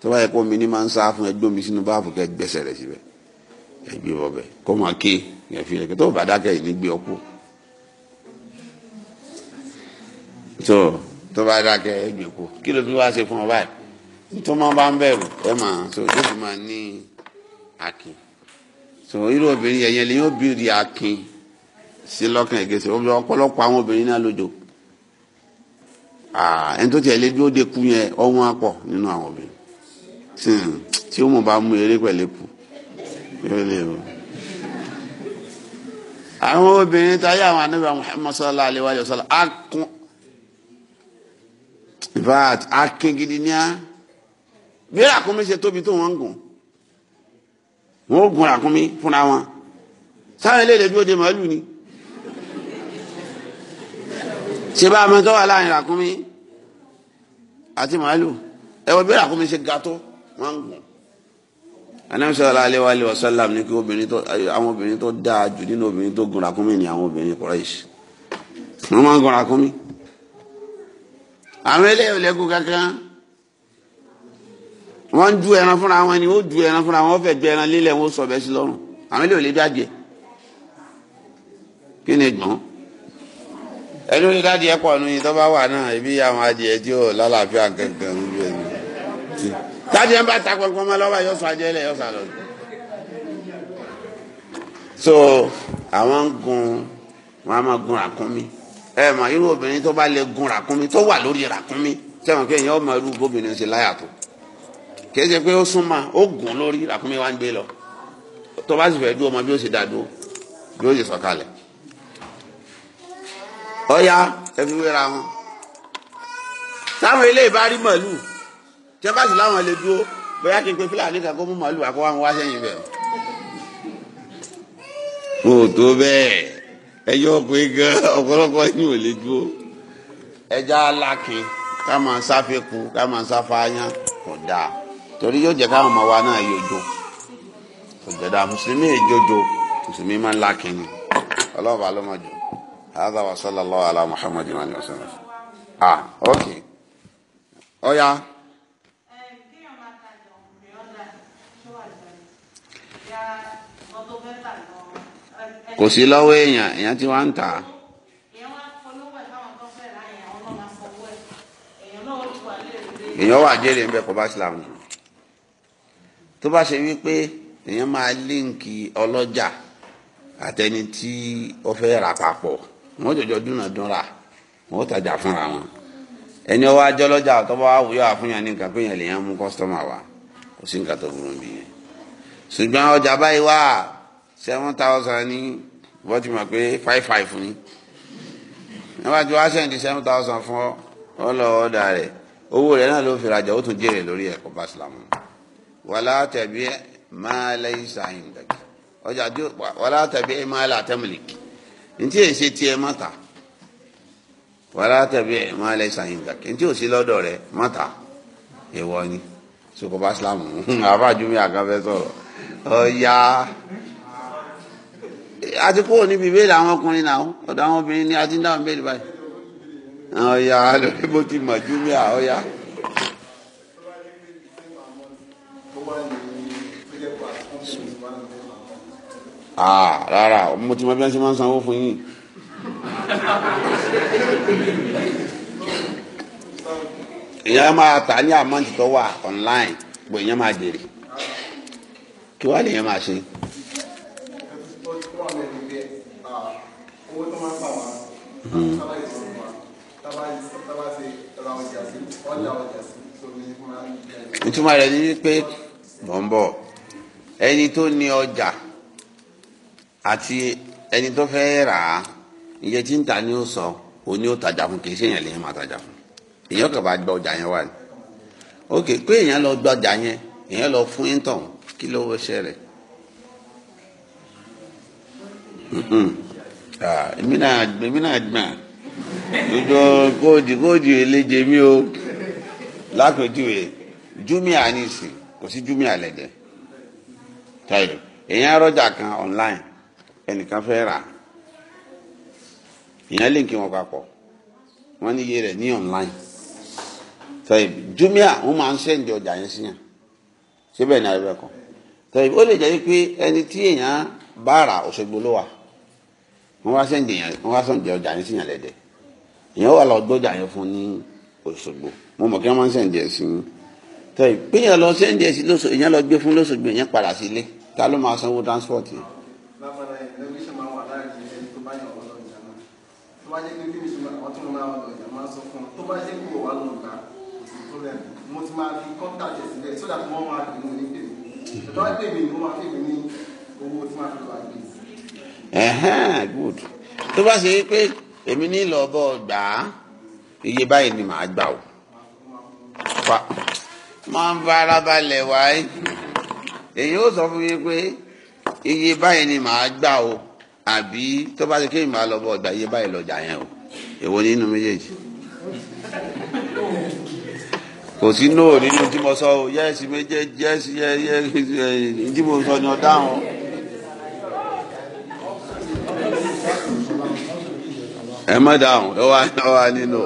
tó bá yẹ kó mi ní máa ń sá fún ẹgbẹ́ mi sínú báàfù kẹ́ gbẹ́sẹ̀ rẹ̀ síbẹ̀ ẹgbẹ́ bọ̀bẹ̀ kó máa ké yẹn fi lẹ́kẹ́ tó bá dákẹ́ yìí ní gbé ọkú tó bá dákẹ́ ẹ gbé kó kí ló fi wá ṣe fún ọ báyìí nítorí wọn bá ń bẹ̀rù ẹ máa so yóò fi máa ní akin so irú obìnrin yẹn yẹn lè yóò bí rí akin sí lọ́kàn ẹ̀gẹ́sẹ̀ ọ̀pọ̀lọpọ̀ àwọn obìnrin náà lójó ah, ẹni tó tiẹ̀ lé dúró de kú yẹn ọ̀hún apọ̀ nínú àwọn obìnrin hmm, tí ó mọ̀ bá mú eré pẹ̀lú yóò lè rò. àwọn obìnrin táyà àwọn anábìà Muhammad sallallahu alayhi wa sallam vat akin gidi bí ràkúnmí ṣe tóbi tó wọn gùn wọn ó gun ràkúnmí fúnra wọn sáwọn eléyìí lójú òde màálù ni ṣe bá ọmọ tó wà láàrin ràkúnmí àti màálù ẹwọ bí ràkúnmí ṣe ga tó wọn ń gùn anam sọlá alẹ́ wa alẹ́ wa sọlá ní kí obìnrin tó àwọn obìnrin tó dáa jù nínú obìnrin tó gun ràkúnmí ni àwọn obìnrin Quraish wọn máa ń gun ràkúnmí àwọn eléyìí ò lẹ́gùn kankan wọ́n ń ju ẹran fúnra wọn ni ó ju ẹran fúnra wọn ó fẹ́ ju ẹran lílẹ̀ wọn ó sọ bẹ́ẹ̀ sí lọ́rùn àwọn eléyìí ò bí àjẹ kí ni gbọ́n ẹni orí dáàdi ẹ pọ̀ nìyí tó wà náà ibi àwọn adìẹ tí ó lálàáfíà kankan ń bẹ ní. dáàdi ẹ bá ta kankan mọ́ lọ́wọ́ yóò sọ ajẹ́ lẹ̀ yóò sọ àlọ́. so àwọn ń gun wọn a máa gun àkúnmí ẹ mà irú obìnrin tó bá lè gun ràkúnmí tó wà lórí ràkúnmí sẹ́wọ̀n kí èèyàn ọmọ irú gómìnà ṣe láyà tó kìí ṣe pé ó súnmọ́ ó gùn lórí ràkúnmí wa ń gbé lọ tó bá sì fẹ́ dúró ọmọ bí ó ṣe dá dúró bí ó ṣe sọ̀kalẹ̀ ọ̀ya ẹ fi wéra wọn táwọn ilé ìbárí màálù tí wọ́n bá sì láwọn lè dúró bóyá kí n pe fúlàní kan kó mú màálù àkọ́wá wọn wá sẹ́yìn bẹ́ẹ̀. mo tó bẹ́ẹ̀. ẹyọ ọkùnrin gan ọ̀pọ̀lọpọ̀ yín ò lè dúró ẹja alákin ká máa sáfẹ́kù ká máa sáfáyán kò dáa torí yóò jẹ́ káwọn ọmọ wa náà yọjọ kò mùsùlùmí èjòjò mùsùlùmí máa ń lákin ni ọlọ́ọ̀bà ló ala Muhammadu wa sallam ah ok ọ̀ya. Oh, kò sí lọ́wọ́ èèyàn èèyàn ti wá ń tà èèyàn wà jẹ́rìí ńbẹ kò bá Islam nù tó bá ṣe wípé èèyàn máa líǹkì ọlọ́jà àtẹni tí ó fẹ́ rà papọ̀ wọ́n jọjọ dúnàdúnrà wọ́n tajà fúnra wọn ẹni ọwọ́ ajọ́lọ́jà tọ́wọ́ àwùyọ́ àfúnyàn ní nǹkan pé lèèyàn mú kọ́sítọ́mà wa kò sí nǹkan tó burú bí yẹn ṣùgbọ́n ọjà báyìí seven thousand wọ́n ti mọ̀ pé five five ni níwájú wá sẹ́ǹdì seven thousand fún ọ lọ ọ̀dà rẹ̀ owó rẹ̀ náà ló fi rajà ó tún jèrè lórí ẹ̀kọ́ bá sàlámù wàlá tẹ̀bí máa lẹ́yìn sàyìn dàgbà ọjà tí wàlá tẹ̀bí máa là tẹ́mìlìkì ntí èsì tiẹ̀ má máa lẹ́yìn dàgbà ntí òsì lọ́dọ̀ rẹ̀ ni sọkọ̀ bá sàlámù àbájú mi sọ̀rọ̀ ọ̀ya. àti kúrò níbi ìbéèrè àwọn ọkùnrin náà ọ̀dọ̀ àwọn obìnrin ni a ti ń dáhùn béèrè báyìí. ọ̀yà lórí bó ti mọ̀ jú mi àọ́yà. rárá mo ti mọ bí wọ́n ṣe máa ń sanwó fún yín. èèyàn máa tà ní àmọ́ǹtì tó online gbogbo èèyàn máa jèrè kí wàá lè yẹn máa ṣe. owó tó máa ìtumọ̀ rẹ̀ ni wípé bọ̀m̀bọ̀ ẹni tó ní ọjà àti ẹni tó fẹ́ rà á tí ń ta ni ó sọ ó tajà fún lèyìn máa tajà fún bá gba ọjà yẹn wá ni ok pé lọ gba ọjà yẹn lọ fún intan kí ló Mm-hmm. Ah, èmi náà èmi náà gbà dodo eléje mi o lápèjúwe jumia nìsí kò sí jumia lẹ́jẹ̀ èyàn kan online ẹnìkan fẹ́ rà èyàn wọn papọ̀ wọn ní iye rẹ̀ ní online tayọ jumia wọ́n máa ń sẹ́ǹdì ọjà yẹn síyàn síbẹ̀ ní kan ó lè jẹ́ pé ẹni tí èyàn bá rà wọ́n wá sẹ́ǹdì yẹn wọ́n wá sọ̀ǹdì ọjà ní síyàn lẹ́dẹ̀ èèyàn wà lọ gbọ́jà yẹn fún ní Òṣogbo mo mọ̀ kí wọ́n máa ń sẹ́ǹdì ẹ̀ sí i tọ́ ì pé èèyàn lọ sẹ́ǹdì ẹ̀ sí lóṣogbo èèyàn lọ gbé fún lóṣogbo èèyàn padà sí ilé ta ló máa sanwó transport yẹn. mo ti máa fi kọ́ńtà jẹ̀ sílẹ̀ sódà tí wọ́n máa pè mí ní pèmí ìtọ́jú pèmí ni wọ́n máa pè mí ní owó tí máa fi lọ àgbẹ̀. ehe good tó bá ṣe é pé èmi ní ìlọ ọbọ̀ gbà á iye báyìí ni màá gbà ó máa ń fara balẹ̀ wáyé èyí ó sọ fún mi pé iye báyìí ni màá gbà ó àbí tó bá ṣe kí èmi lọ gbà iye báyìí yẹn o èwo nínú méjèèjì kò sí nóò o yẹ́sì méjèèjì yẹ́sì yẹ́sì mo sọ ẹ má dáhùn ẹ wá ẹ wá nínú.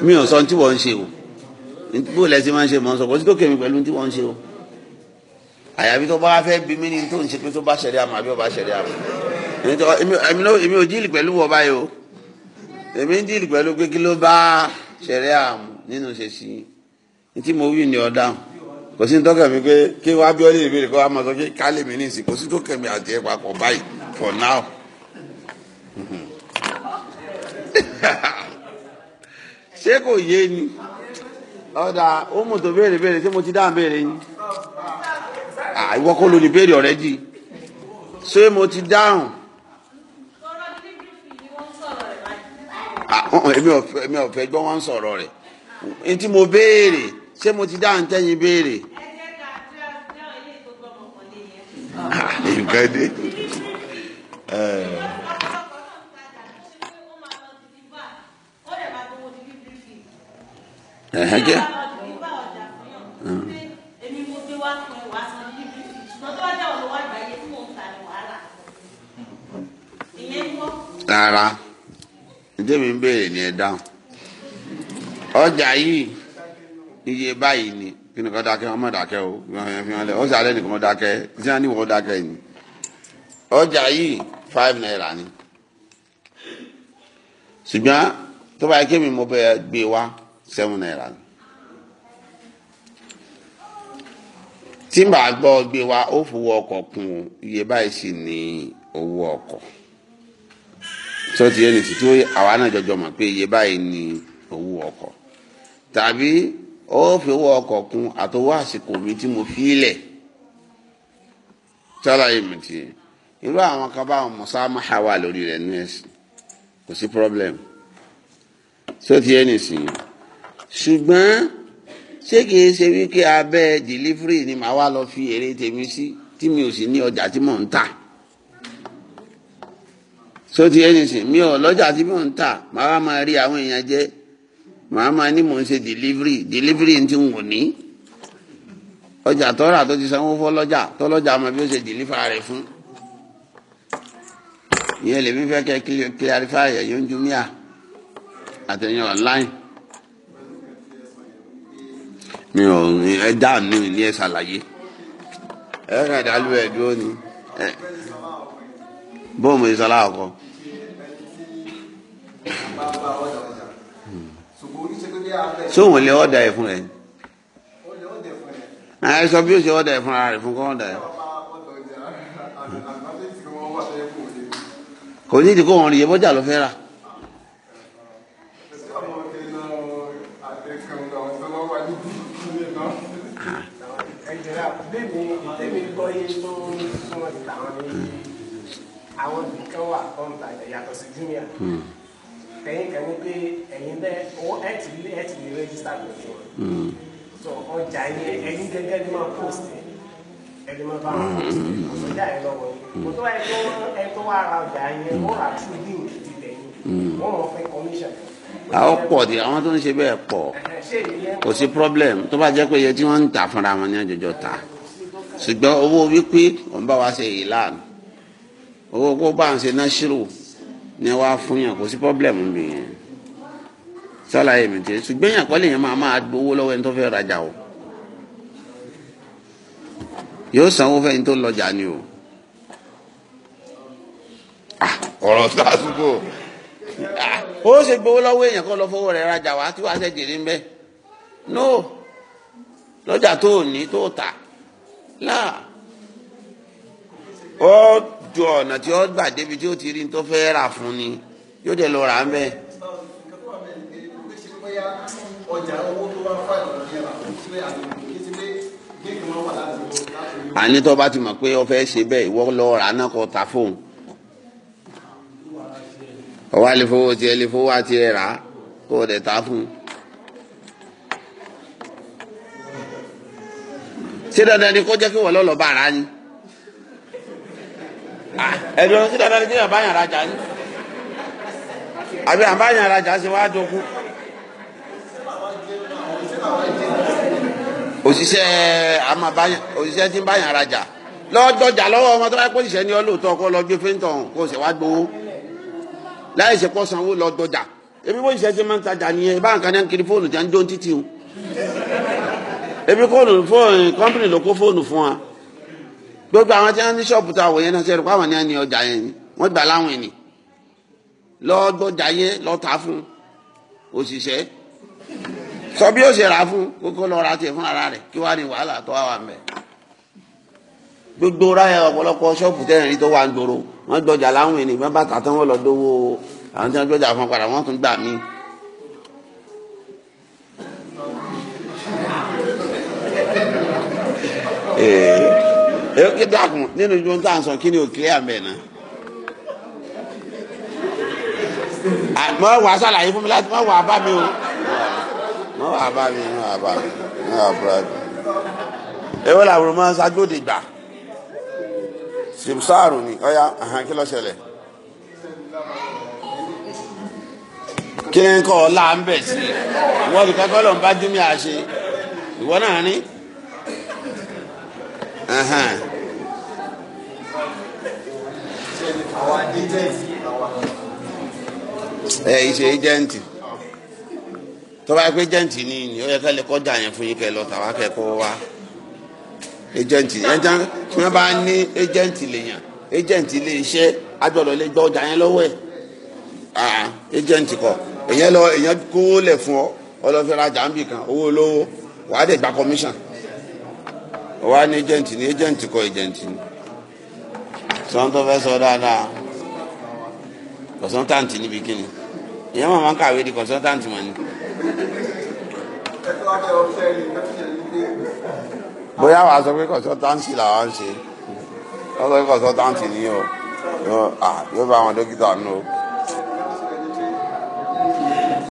mi ò sọ tí wọ́n ń ṣe o bó lẹ́sìn máa ń ṣe mọ́ sọ kò sí tó kẹ́mi pẹ̀lú tí wọ́n ń ṣe o àyàfi tó bá fẹ́ bí mi ní tó ń ṣe pé tó bá ṣẹ̀rí àmọ́ àbí ọba ṣẹ̀rí àmọ́ èmi ò díìlì pẹ̀lú wọ báyìí o èmi ń díìlì pẹ̀lú pé kí ló bá ṣẹ̀rí àmọ́ nínú ṣe sí i tí mo wí ni ọ̀daràn kò sí tọ́kàn mi pé kí wọ́n abíọ́lé ìbéèrè kó wá máa sọ pé ká lè mí ní ìsìn kò sí tó kẹ̀mí àti ẹ̀ papọ̀ báyìí for now. *laughs* ṣé kò yé ni ọ̀dà ó mú tó béèrè béèrè ṣé mo ti dáhùn béèrè yín ìwọ kọ́ ló ní béèrè ọ̀rẹ́ jì ṣé mo ti dáhùn. èmi ò fẹ́ gbọ́ wọn sọ̀rọ̀ rẹ̀ ntí mo béèrè ṣé mo ti dáhùn tẹ́yìn béèrè. Entende? Eh. É... Ẹ̀hẹ́ jẹ́. Rárá, ǹjẹ́ mi ń béèrè ẹ dáhùn. Ọjà yìí iye báyìí ni kí nìkan dákẹ́ wọn má dákẹ́ o fi hàn lẹ ọjà alẹ́ nìkan dákẹ́ tí wọn ní wọn ni ọjà yìí five naira ni ṣùgbọ́n tó bá yẹ kí mi mo bẹ gbé wa seven naira ni tí n bá gbọ́ gbé wa ó fowó ọkọ̀ kún iye báyìí sì ní owó ọkọ̀ tó ti yẹ nìsí tí àwa náà jọjọ mọ̀ pé iye báyìí ní owó ọkọ̀ ó fi owó ọkọ̀ kun àtọwọ́ àsìkò mi tí mo fi lẹ̀ tálàyé mi ti irú àwọn kan bá wọn mọ̀sá máa wà lórí rẹ̀ ní ẹ̀sìn kò sí problem tó ti ẹni sìn ṣùgbọ́n ṣé kìí ṣe wípé abẹ́ delivery ni màá wá lọ fi èrè tèmi sí tí mi ò sì ní ọjà tí mò ń tà tó ti ẹni sìn mi ò lọ́jà tí mò ń tà màá wá máa rí àwọn èèyàn jẹ́ màá máa ní mò ń ṣe delivery delivery ti ń wò ní ọjà tọ́ra tó ti sanwó fọ́lọ́jà tọ́lọ́jà máa bí ó ṣe deliver rẹ̀ fún ìyẹn lèmi fẹ́ kẹ́ clarify ẹ̀yọ́ ń jumia àtẹ̀yìn online mi ò ẹ dá mi ní ẹ ṣàlàyé ẹ kàn dálú ẹ dúró ni bóun mo ṣe sọ ṣé òun lè ọ̀dà ẹ̀ fún rẹ̀ ẹ sọ bí ó ṣe ọ̀dà ẹ̀ fún ara rẹ̀ fún kọ́ ọ̀dà ẹ̀. kò ní ìdíkò wọn rèé bọ́jà ló fẹ́ rà. àwọn nìkan tẹ̀yìn kan ní pé ẹ̀yin bẹ́ẹ̀ owó ẹ̀ ti lé ẹ̀ ti lè rẹ́gísítà pẹ̀lú wọn. Hmm. so ọjà yẹn ẹ̀yin gẹ́gẹ́ ni máa post ẹ̀ ẹni máa bá wọn post ẹ̀ hmm. ọjà yẹn lọ́wọ́ yẹn kò hmm. tó ẹ tó wá ra ọjà yẹn ó rà tún bí òkè ti tẹ̀yìn wọ́n mọ̀ fẹ́ commission. àwọn pọ̀ di àwọn tó ń ṣe bẹ́ẹ̀ pọ̀ kò sí problem tó bá jẹ́ pé iye tí wọ́n ń tà fúnra wọn ní ọjọ́jọ́ ta ṣùgbọ́n owó wípé òun bá wa ṣe ìlànà owó kó bá ń ṣe náà ṣírò ni wàá fún yàn kò sí pọ́blẹ́mù mi yẹn sálàyé mi tẹ ṣùgbọ́n yàn kọ́lé yẹn máa máa gbowó lọ́wọ́ ẹni tó fẹ́ rajà o yóò sanwó fẹ́ni tó lọ́jà ni o ah, ọ̀rọ̀ sásùkò ah, ó ṣe gbowó lọ́wọ́ èèyàn kọ́ lọ fọwọ́ rẹ̀ rajà wá tí wàá ṣe jèrè ń no lọ́jà tó ní tó tà láà ó ju ọ̀nà tí ó gbà débi tí ó ti rí ní tó fẹ́ rà fún ni yóò dé lọ rà á mẹ́. àní tó bá ti mọ̀ pé ọ fẹ́ ṣe bẹ́ẹ̀ ìwọ lọ rà náà kó ta fóun ọwọ́ àlefowó tiẹ̀ lefowó àti rà kó o dẹ̀ ta fún un. ṣé dandan ni kó jẹ́ kí wọ́n lọ́ọ́ lọ́ọ́ bá ara ẹ̀dùn ọ̀sìn dáadáa ni kí ni àbáyàn rajà ni àbí àbáyàn rajà ṣe wá jogún. òṣìṣẹ́ àmàbáyàn òṣìṣẹ́ tí ń báyàn rajà lọ́dọ̀jà lọ́wọ́ ọmọ tó bá pọ̀ ṣiṣẹ́ ní ọlọ́ọ̀tọ́ kó lọ gbé fẹ́ntàn kó sì wá gbowó láì ṣe pọ̀ sanwó lọ́dọ̀jà ebi bó ṣiṣẹ́ ṣe máa ń tajà nìyẹn bá nǹkan náà ń kiri fóònù tí a ń dó títì o ebi kóònù fóònù kọ́mpìnì ló kó fóònù fún wa gbogbo àwọn tí wọ́n ní ṣọ́ọ̀bù tá a wò yẹn náà ṣẹ́rù pàwọn ni wọ́n ní ọjà yẹn ni wọ́n gbà láwọn ẹni lọ́gbọ́jà yẹn lọ́ta fún òṣìṣẹ́ sọ bí ó ṣe rà fún kókó lọ ra tiẹ̀ fún ara rẹ̀ kí wàá ní wàhálà tó wà mẹ́ gbogbo ráyà ọ̀pọ̀lọpọ̀ ṣọ́ọ̀bù tẹ́rìn tó wà ń gbòòrò wọ́n gbọ́jà láwọn ẹni wọ́n bàtà tán wọ́n lọ dówó àwọn tí wọ́n gbọ́jà fún padà wọ́n tún gbà mí. Yeah ẹ kí dàkún nínú ìjọ tá à ń sọ kí ni ò kílẹ̀ àmì ẹ̀ náà. mọ wàá sàlàyé fún mi láti mọ wàá bá mi o mọ wàá bá mi mọ wàá bá mi mọ wàá bá mi. ewé làwòrán máa ń ṣàgbọ́dẹ̀ gbà sibsaaru ni ọ̀ya kí ló ṣẹlẹ̀. kí n kọ́ ọ láǹbẹ̀ sí i wọ́n fi kẹ́kọ̀ọ́ lọ́nba júmíà ṣe ìwọ náà ní. e ejenti tọ́ba pé agent ni ìní yẹ ká lè kọjá yẹn fún yín kẹ lọ tàwa kẹ kó wa agent tí ní lè ṣe lè gbọ́ ọjà yẹn lọ́wọ́ ẹ̀ kọ èyàn lọ èyàn kó lẹ̀ fún ọ kan owó wàá ọwọ́ á ní agent kọ ni sọ́n fẹ́ sọ dáadáa consultant níbi kíni di consultant mọ̀ ni. bóyá wàá sọ pé consultancy làwọn ń ṣe wọ́n sọ pé consultancy ni o yóò bá àwọn dókítà o.